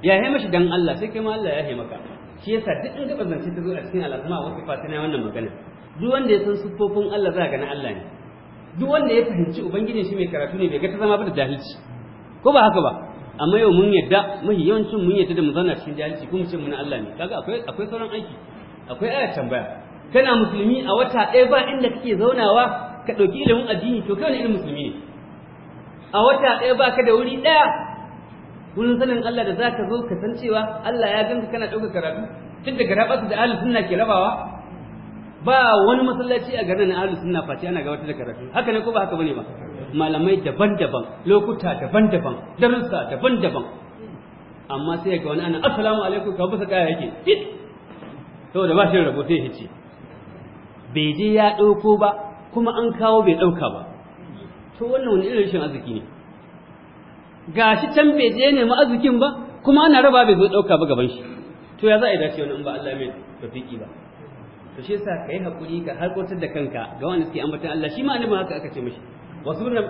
yafe mashi dan Allah sai kai ma Allah ya yafe maka shi yasa duk in gaba zance ta zo a cikin al'asma wa sifa tana wannan magana duk wanda ya san siffofin Allah za ga na Allah ne duk wanda ya fahimci ubangijin shi mai karatu ne bai ga ta zama ba da jahilci ko ba haka ba amma yau mun yadda mahi yawancin mun yadda da mu zauna cikin jahilci kuma ce mun Allah ne kaga akwai akwai sauran aiki akwai ayat tambaya kana musulmi a wata ɗaya ba inda kake zaunawa ka ɗauki ilimin addini to kai wani ilimin musulmi ne a wata ɗaya ba ka da wuri ɗaya wurin sanin Allah da zaka zo ka san cewa Allah ya ganka kana ɗauka karatu tun da garabatu da ahlus sunna ke rabawa ba wani masallaci a garin ahlus sunna face ana gabatar da karatu haka ne ko ba haka bane ba malamai daban-daban lokuta daban-daban darussa daban-daban amma sai ga wani ana assalamu alaikum ka busa kaya yake fit saboda ba shi rabo sai ce. bai je ya ɗauko ba kuma an kawo bai ɗauka ba to wannan wani irin shin arziki ne shi can bai je ne ma'azikin ba kuma ana raba bai zo dauka ba gaban shi to ya za a yi dace wani in ba Allah mai tafiki ba to shi yasa kai hakuri ka harkotar da kanka ga wanda suke ambatan Allah shi ma annabi haka aka ce mishi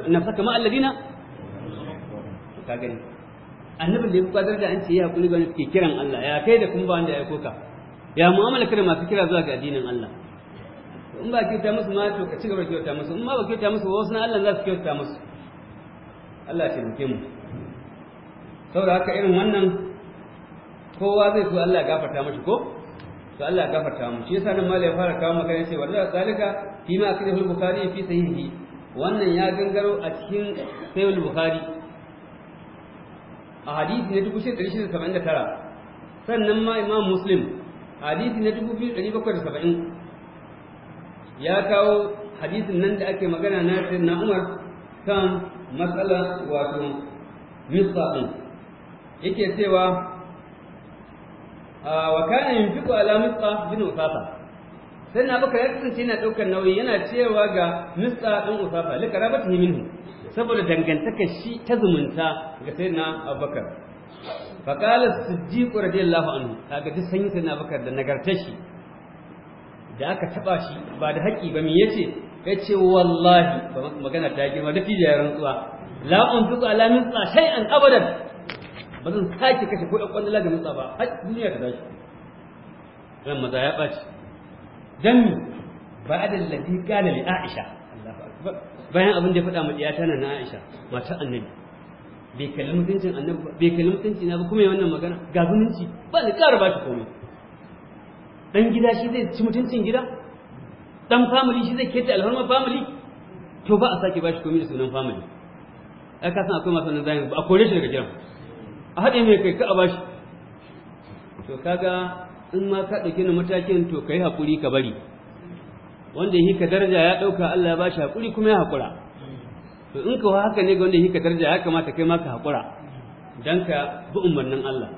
na saka ma alladina ka gani annabin da ya kwadar da an ce ya hakuri ga wanda suke kiran Allah ya kai da kuma ba wanda ya koka ya mu'amala kada masu kira zuwa ga addinin Allah in ba kyauta musu ma to ka ci gaba kyauta musu in ma ba kyauta musu wasu na Allah za su kyauta musu Allah ya taimake mu saboda haka irin wannan kowa zai so Allah ya gafarta mashi ko to Allah ya gafarta mu shi yasa nan malai fara kawo maka ne cewa zalika fi ma akidahul bukhari fi sahihi wannan ya gangaro a cikin sahihul bukhari a hadisi na 1679 sannan ma imam muslim hadisi na 2770 ya kawo hadisin nan da ake magana na na umar kan matsalar wato misqa yake cewa ah, wa kana yunfiqu ala misqa bin usafa sai na baka ya kasance yana daukar nauyi yana cewa ga misqa din usafa lika karabatihi minhu saboda dangantaka shi ta zumunta ga sayyidina abubakar fa qala siddiq radiyallahu anhu kaga duk sanyi sayyidina abubakar da nagartar shi da aka taba shi ba da haƙi ba me yace yace wallahi ba magana ta girma da fiye rantsuwa la unfiqu ala an shay'an abadan ba zan sake kashe ko ɗan ƙwallon lagamin tsaba ba har duniya ta tashi ran maza ya ɓaci dan ba da ladi gane li Aisha bayan abin da ya faɗa ma ya tana na Aisha mata annabi bai kalli mutuncin annabi ba bai kalli mutunci na ba kuma ya wannan magana ga zumunci ba da ƙara ba shi komai dan gida shi zai ci mutuncin gida dan family shi zai keta alhormar family to ba a sake ba shi komai da sunan family ya kasan san akwai masu nan zai ba a kore shi daga jiran. a haɗe mai kai ka a bashi to kaga in ma ka ɗauki na matakin to ka yi haƙuri ka bari wanda yi ka daraja ya ɗauka Allah ya ba shi haƙuri kuma ya haƙura to in ka haka ne ga wanda yi ka daraja ya kamata kai ma ka haƙura dan ka bi umarnin Allah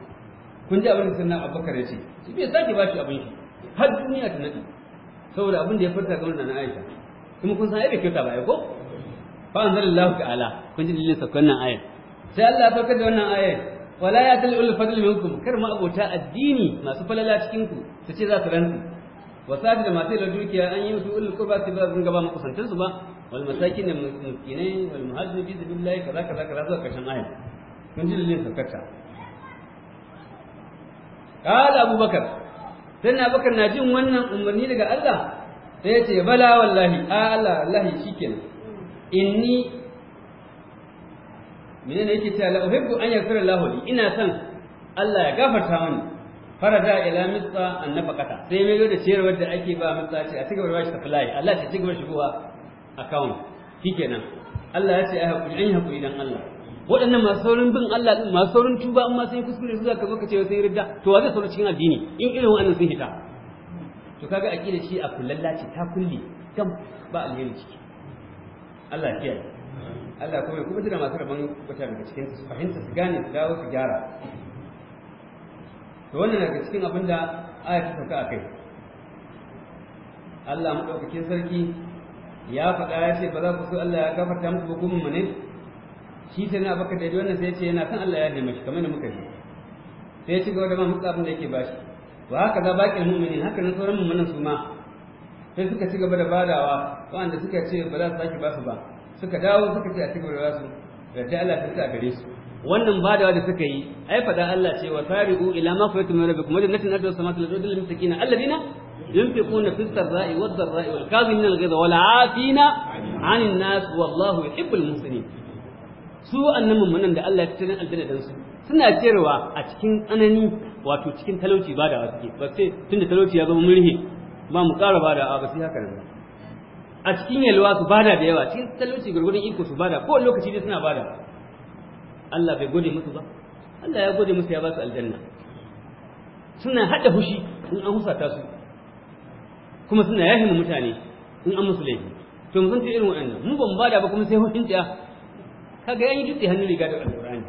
kun ji abin da sannan abubakar ya ce shi bai sake ba shi abin shi har duniya ta nadi saboda abin da ya farta kamar da na aisha kuma kun san ai bai kyauta ba ya ko fa anzalallahu ta'ala kun ji dalilin sakon nan ayat sai Allah ya saukar da wannan ayat wala ya tal ulul fadl minkum kar ma abota addini masu falala cikin ku su ce za su rantsu wasafi da masu yalar dukiya an yi musu ulul qurba su ba sun gaba makusantan su ba wal masakin da miskinai wal muhajirin fi sabilillah kaza kaza kaza zuwa kashin ayat kun ji dalilin saukarta qala abubakar sai na bakar na jin wannan umarni daga Allah sai ya ce bala wallahi ala wallahi shikenan inni ne yake cewa la uhibbu an yaghfira Allahu li ina son Allah ya gafarta mani farada ila mitsa annafaqata sai mai da ciyarwar da ake ba mitsa ce a cigaba da shi supply Allah ta cigaba shigowa account shikenan Allah ya ce ai hakuri an yi hakuri dan Allah waɗannan masu saurin bin Allah din masu saurin tuba amma sun kuskure su zaka baka cewa sai sun ridda to wa zai cikin addini in irin wannan sun hita to kaga akida shi a kullalla ce ta kulli kam ba alheri ciki Allah ya kiyaye Allah kuma kuma tana masu rabon kwata daga cikin su fahimta su gane su dawo su gyara to wannan daga cikin abin da aya ta sauka akai Allah madaukakin sarki ya faɗa ya ce ba za ku so Allah ya gafarta muku hukumin mu ne shi sai na baka daidai wannan sai ya ce yana kan Allah ya nemi shi kamar da muka ji sai ya ci gaba da ma musu abin da yake bashi wa haka za baƙin mu'minin haka nan sauran mu'minin su ma sai suka ci gaba da badawa waɗanda suka ce ba za su sake ba su ba suka dawo suka ce a cikin da su da sai Allah ta a gare su wannan badawa da suka yi ai fada Allah ce wa tari'u ila ma fayatum min rabbikum wa jannatin ardha samawati wal ardi lil muttaqina alladhina ينفقون في السراء والضراء والكاظمين الغيظ والعافين عن الناس والله يحب المحسنين su annan mummunan da Allah ya tsirin aljanna dan su suna cewa a cikin tsanani wato cikin talauci ba da wasu ba sai tunda talauci ya zama murhi ba mu ƙara ba da ba sai haka nan a cikin yalwa su bada da yawa cikin talauci gurgurin iko su bada ko lokaci dai suna bada Allah bai gode musu ba Allah ya gode musu ya ba su aljanna suna hada hushi in an husata su kuma suna yahin mutane in an musu laifi to mun san irin wannan mu ban bada ba kuma sai hushin ta kaga yayi dutse hannu riga da alqur'ani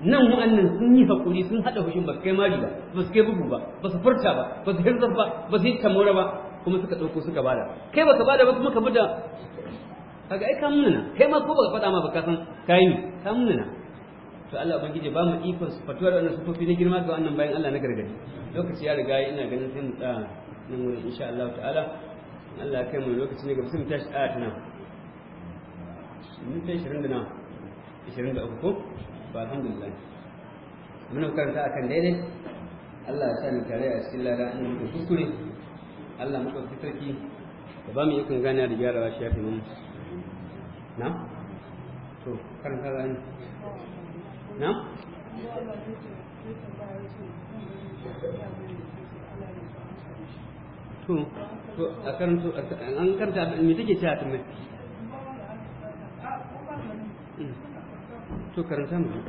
nan annan sun yi hakuri sun hada hushin ba su kai mari ba ba su kai bugu ba ba su furta ba ba su hirzar ba ba su yi tamora ba kuma suka ɗauko suka bada kai baka bada ba kuma ka bada kaga ai ka munana kai ma ko baka faɗa ma baka san kai ne ka munana to Allah ubangiji ba mu ikon su fatuwar wannan sufofi na girma ga wannan bayan Allah na gargadi lokaci ya riga ina ganin sai mu da nan wurin insha Allah ta'ala Allah ya kai mu lokaci ne ga sun mu tashi a tana mun tashi rinda na 23 ko ba alhamdulillah muna karanta akan daidai Allah ya sa mu tare a cikin ladan annabi kuskure Allah mu maɗauki sarki da ba mu yi kun gane da gyara shi ya fi mu na to karanta zan na to to a karanta an karanta me take cewa ta mai mm. to karanta mu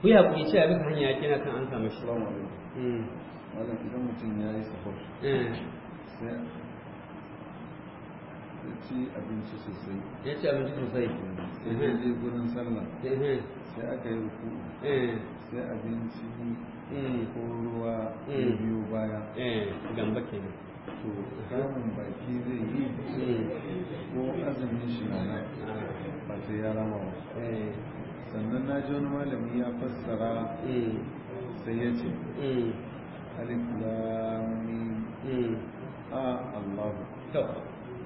ku ya ku ce abin hanya yake na kan an samu shi ba mu wannan idan mutum ya yi sahur eh. sai ya ci abinci sosai ya ci abinci sosai sai ya je gurin sallah eh, eh. sai aka yi ruku sai abinci ko ruwa biyu baya gamba ke ne to samun baki zai yi ko azumin shi na ba sai ya rama ba sannan na ji wani malami ya fassara sai ya ce alif lam mim hmm. a Allah to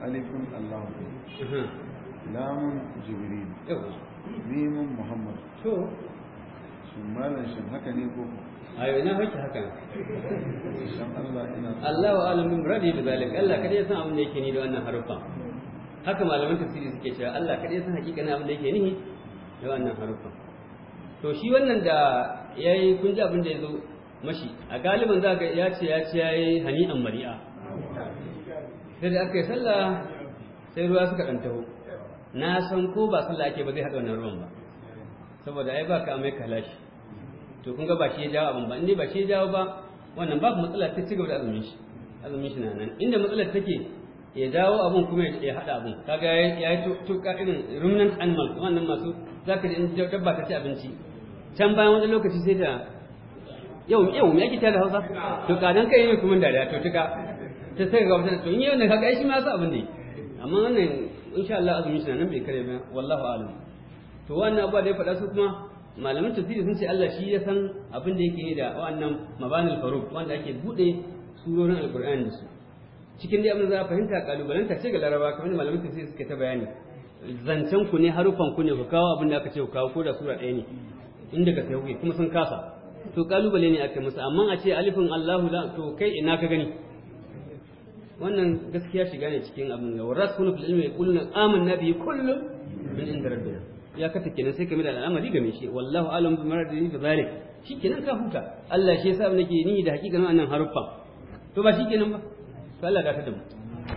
alifun Allah lamun jibril mimun muhammad to shin malam shin haka ne ko ayo na haka haka shan Allah ina Allah wa alamin radi da zalik Allah kada ya san abin da yake ni da wannan harufan haka malaman tafsiri suke cewa Allah kada ya san hakikanin abin da yake ni da wannan harufan to shi wannan da yayi kun ji abin da ya zo mashi a galibin za ga ya ce ya ce ya yi hani'an mari'a sai da aka yi sallah sai ruwa suka ɗan taho na san ko ba sallah ake ba zai haɗa wannan ruwan ba saboda ai ba ka amai kalashi to kun ga ba shi ya jawo abin ba in ba shi ya jawo ba wannan ba matsala ta ci gaba da azumin shi azumin shi na nan inda matsalar take ya jawo abin kuma ya haɗa abin kaga ya yi tuka irin ruminant animal wannan masu za zaka da dabba ta ci abinci can bayan wani lokaci sai ta. yau yau me yake da Hausa to ka kai yi kuma da to tuka ta sai ga mutum to in yau ne kaga shi ma sa abin ne amma wannan insha Allah azumin shi nan bai kare ba wallahu alam to wannan abuwa da ya faɗa su kuma malamin tafsiri sun ce Allah shi ya san abin da yake yi da wannan mabanil faruk wanda ake bude surorin alqur'ani da su cikin dai abin da za a fahimta kalubalanta ce ga laraba kamar malamin tafsiri suke ta bayani zancen ku ne harufan ku ne ku kawo abin da aka ce ku kawo ko da sura ɗaya ne inda ka sai kuma sun kasa to kalubale ne aka musu amma a ce alifin Allahu la to kai ina ka gani wannan gaskiya shiga ne cikin abin da waras kunu fil ilmi yaquluna amanna nabi kullu min inda rabbina ya kafa kenan sai ka da al'amari game shi wallahu alam bi maradi fi zalik shikenan ka huta Allah shi yasa nake ni da hakika nan annan harufa to ba shikenan ba to Allah gata da mu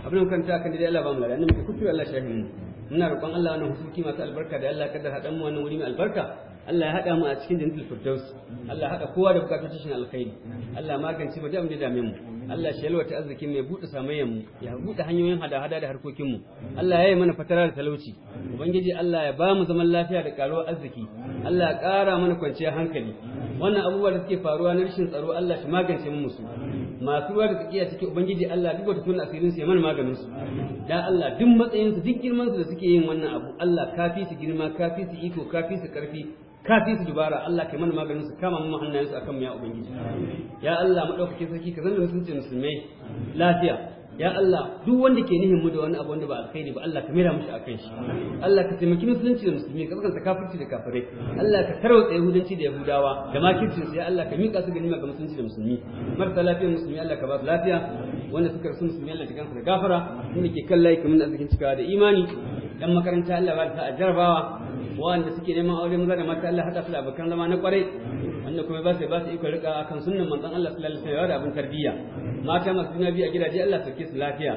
abin kan ta kan dai Allah ba mu ladan mu kuskure Allah shahimin muna roƙon Allah wannan hukuki masu albarka da Allah kaddar hadan mu wannan wuri mai albarka Allah ya haɗa mu a cikin jannatul firdaus Allah ya haɗa kowa da bukatun cikin alkhairi Allah magance mu da abin da mu Allah shi yalwata arzikin mai buɗe samayyan mu ya buɗe hanyoyin hada-hada da harkokin mu Allah ya yi mana fatara da talauci ubangiji Allah ya ba mu zaman lafiya da karuwar arziki Allah ya ƙara mana kwanciyar hankali wannan abubuwa da suke faruwa na rashin tsaro Allah shi magance mu su masu ruwa da tsakiya cike ubangiji Allah duk wata tona asirin su ya mana maganin su da Allah duk matsayinsu duk girman su da suke yin wannan abu Allah kafi su girma kafi su iko kafi su karfi ka fi su dubara Allah kai mana maganin su kama mu hannayensu akan mu ya ubangiji ya Allah dauke sarki ka zanna mutunci musulmai lafiya ya Allah duk wanda ke nihin mu da wani abu wanda ba alkhairi ba Allah ka mera mushi akan shi Allah ka taimaki musulunci da musulmi ka tsakanta kafirci da kafirai Allah ka tarwatsa yahudanci da yahudawa da makircin su ya Allah ka mika su ganima ga musulunci da musulmi marasa lafiyar musulmi Allah ka ba su lafiya wanda suka rasu musulmi Allah ya gansu da gafara wanda ke kan layi kamar arzikin cikawa da imani dan makaranta Allah ba ta jarabawa wanda suke neman aure maza da mata Allah haɗa su da abokan zama na kwarai wanda kuma ba su ba su iko rika akan sunnan manzon Allah sallallahu alaihi wasallam da abin tarbiyya mata masu juna biyu a gidaje Allah sauke su lafiya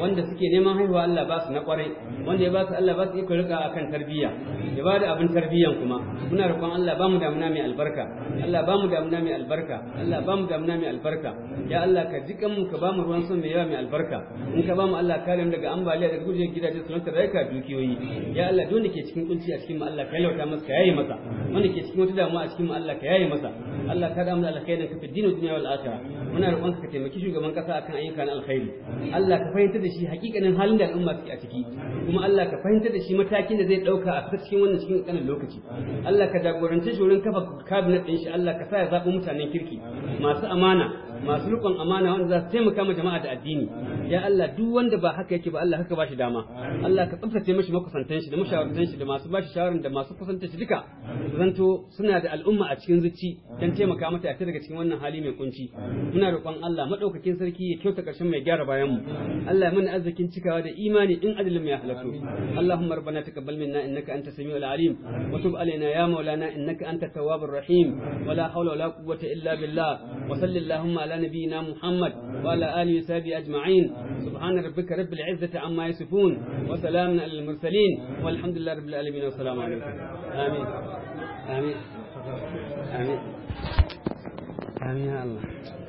wanda suke neman haihuwa Allah ba su na kwarai wanda ya ba su Allah ba su iko rika akan tarbiyya ya ba da abin tarbiyyan kuma muna roƙon Allah ba mu damuna mai albarka Allah ba mu damuna mai albarka Allah ba mu damuna mai albarka ya Allah ka jikan mu ka ba mu ruwan sun mai yawa mai albarka in ka ba mu Allah kare mu daga ambaliya daga gudun gidaje su lantar rayuka dukiyoyi ya Allah duk ne ke cikin kunci a cikin mu Allah ka yalwata masa ka yayi masa wanda ke cikin wata damuwa a cikin mu Allah ka yayi yayi masa Allah ka da mu alkhairin ka fi dinin duniya wal akhirah muna roƙon ka taimaki shugaban kasa akan ayyukan alkhairi Allah ka fahimta da shi hakikanin halin da al'umma suke a ciki kuma Allah ka fahimta da shi matakin da zai dauka a cikin wannan cikin kanin lokaci Allah ka jagorance shi kafa kabinet din shi Allah ka sa ya zaɓi mutanen kirki masu amana masu rikon amana wanda za su taimaka ma jama'a da addini ya Allah duk wanda ba haka yake ba Allah haka bashi dama Allah ka tsaftace mashi makusantan shi da mashawartan shi da masu bashi shawaran da masu kusantar shi duka zanto suna da al'umma a cikin zuci dan taimaka mata a daga cikin wannan hali mai kunci muna roƙon Allah madaukakin sarki ya kyauta ƙarshen mai gyara bayan mu Allah ya mana arzikin cikawa da imani in adalin ya halatu Allahumma rabbana taqabbal minna innaka anta samiul alim wa tub alaina ya maulana innaka anta tawwabur rahim wala hawla wala quwwata illa billah wa sallallahu على نبينا محمد وعلى آله وصحبه أجمعين سبحان ربك رب العزة عما يصفون وسلام على المرسلين والحمد لله رب العالمين والسلام عليكم آمين آمين آمين آمين يا الله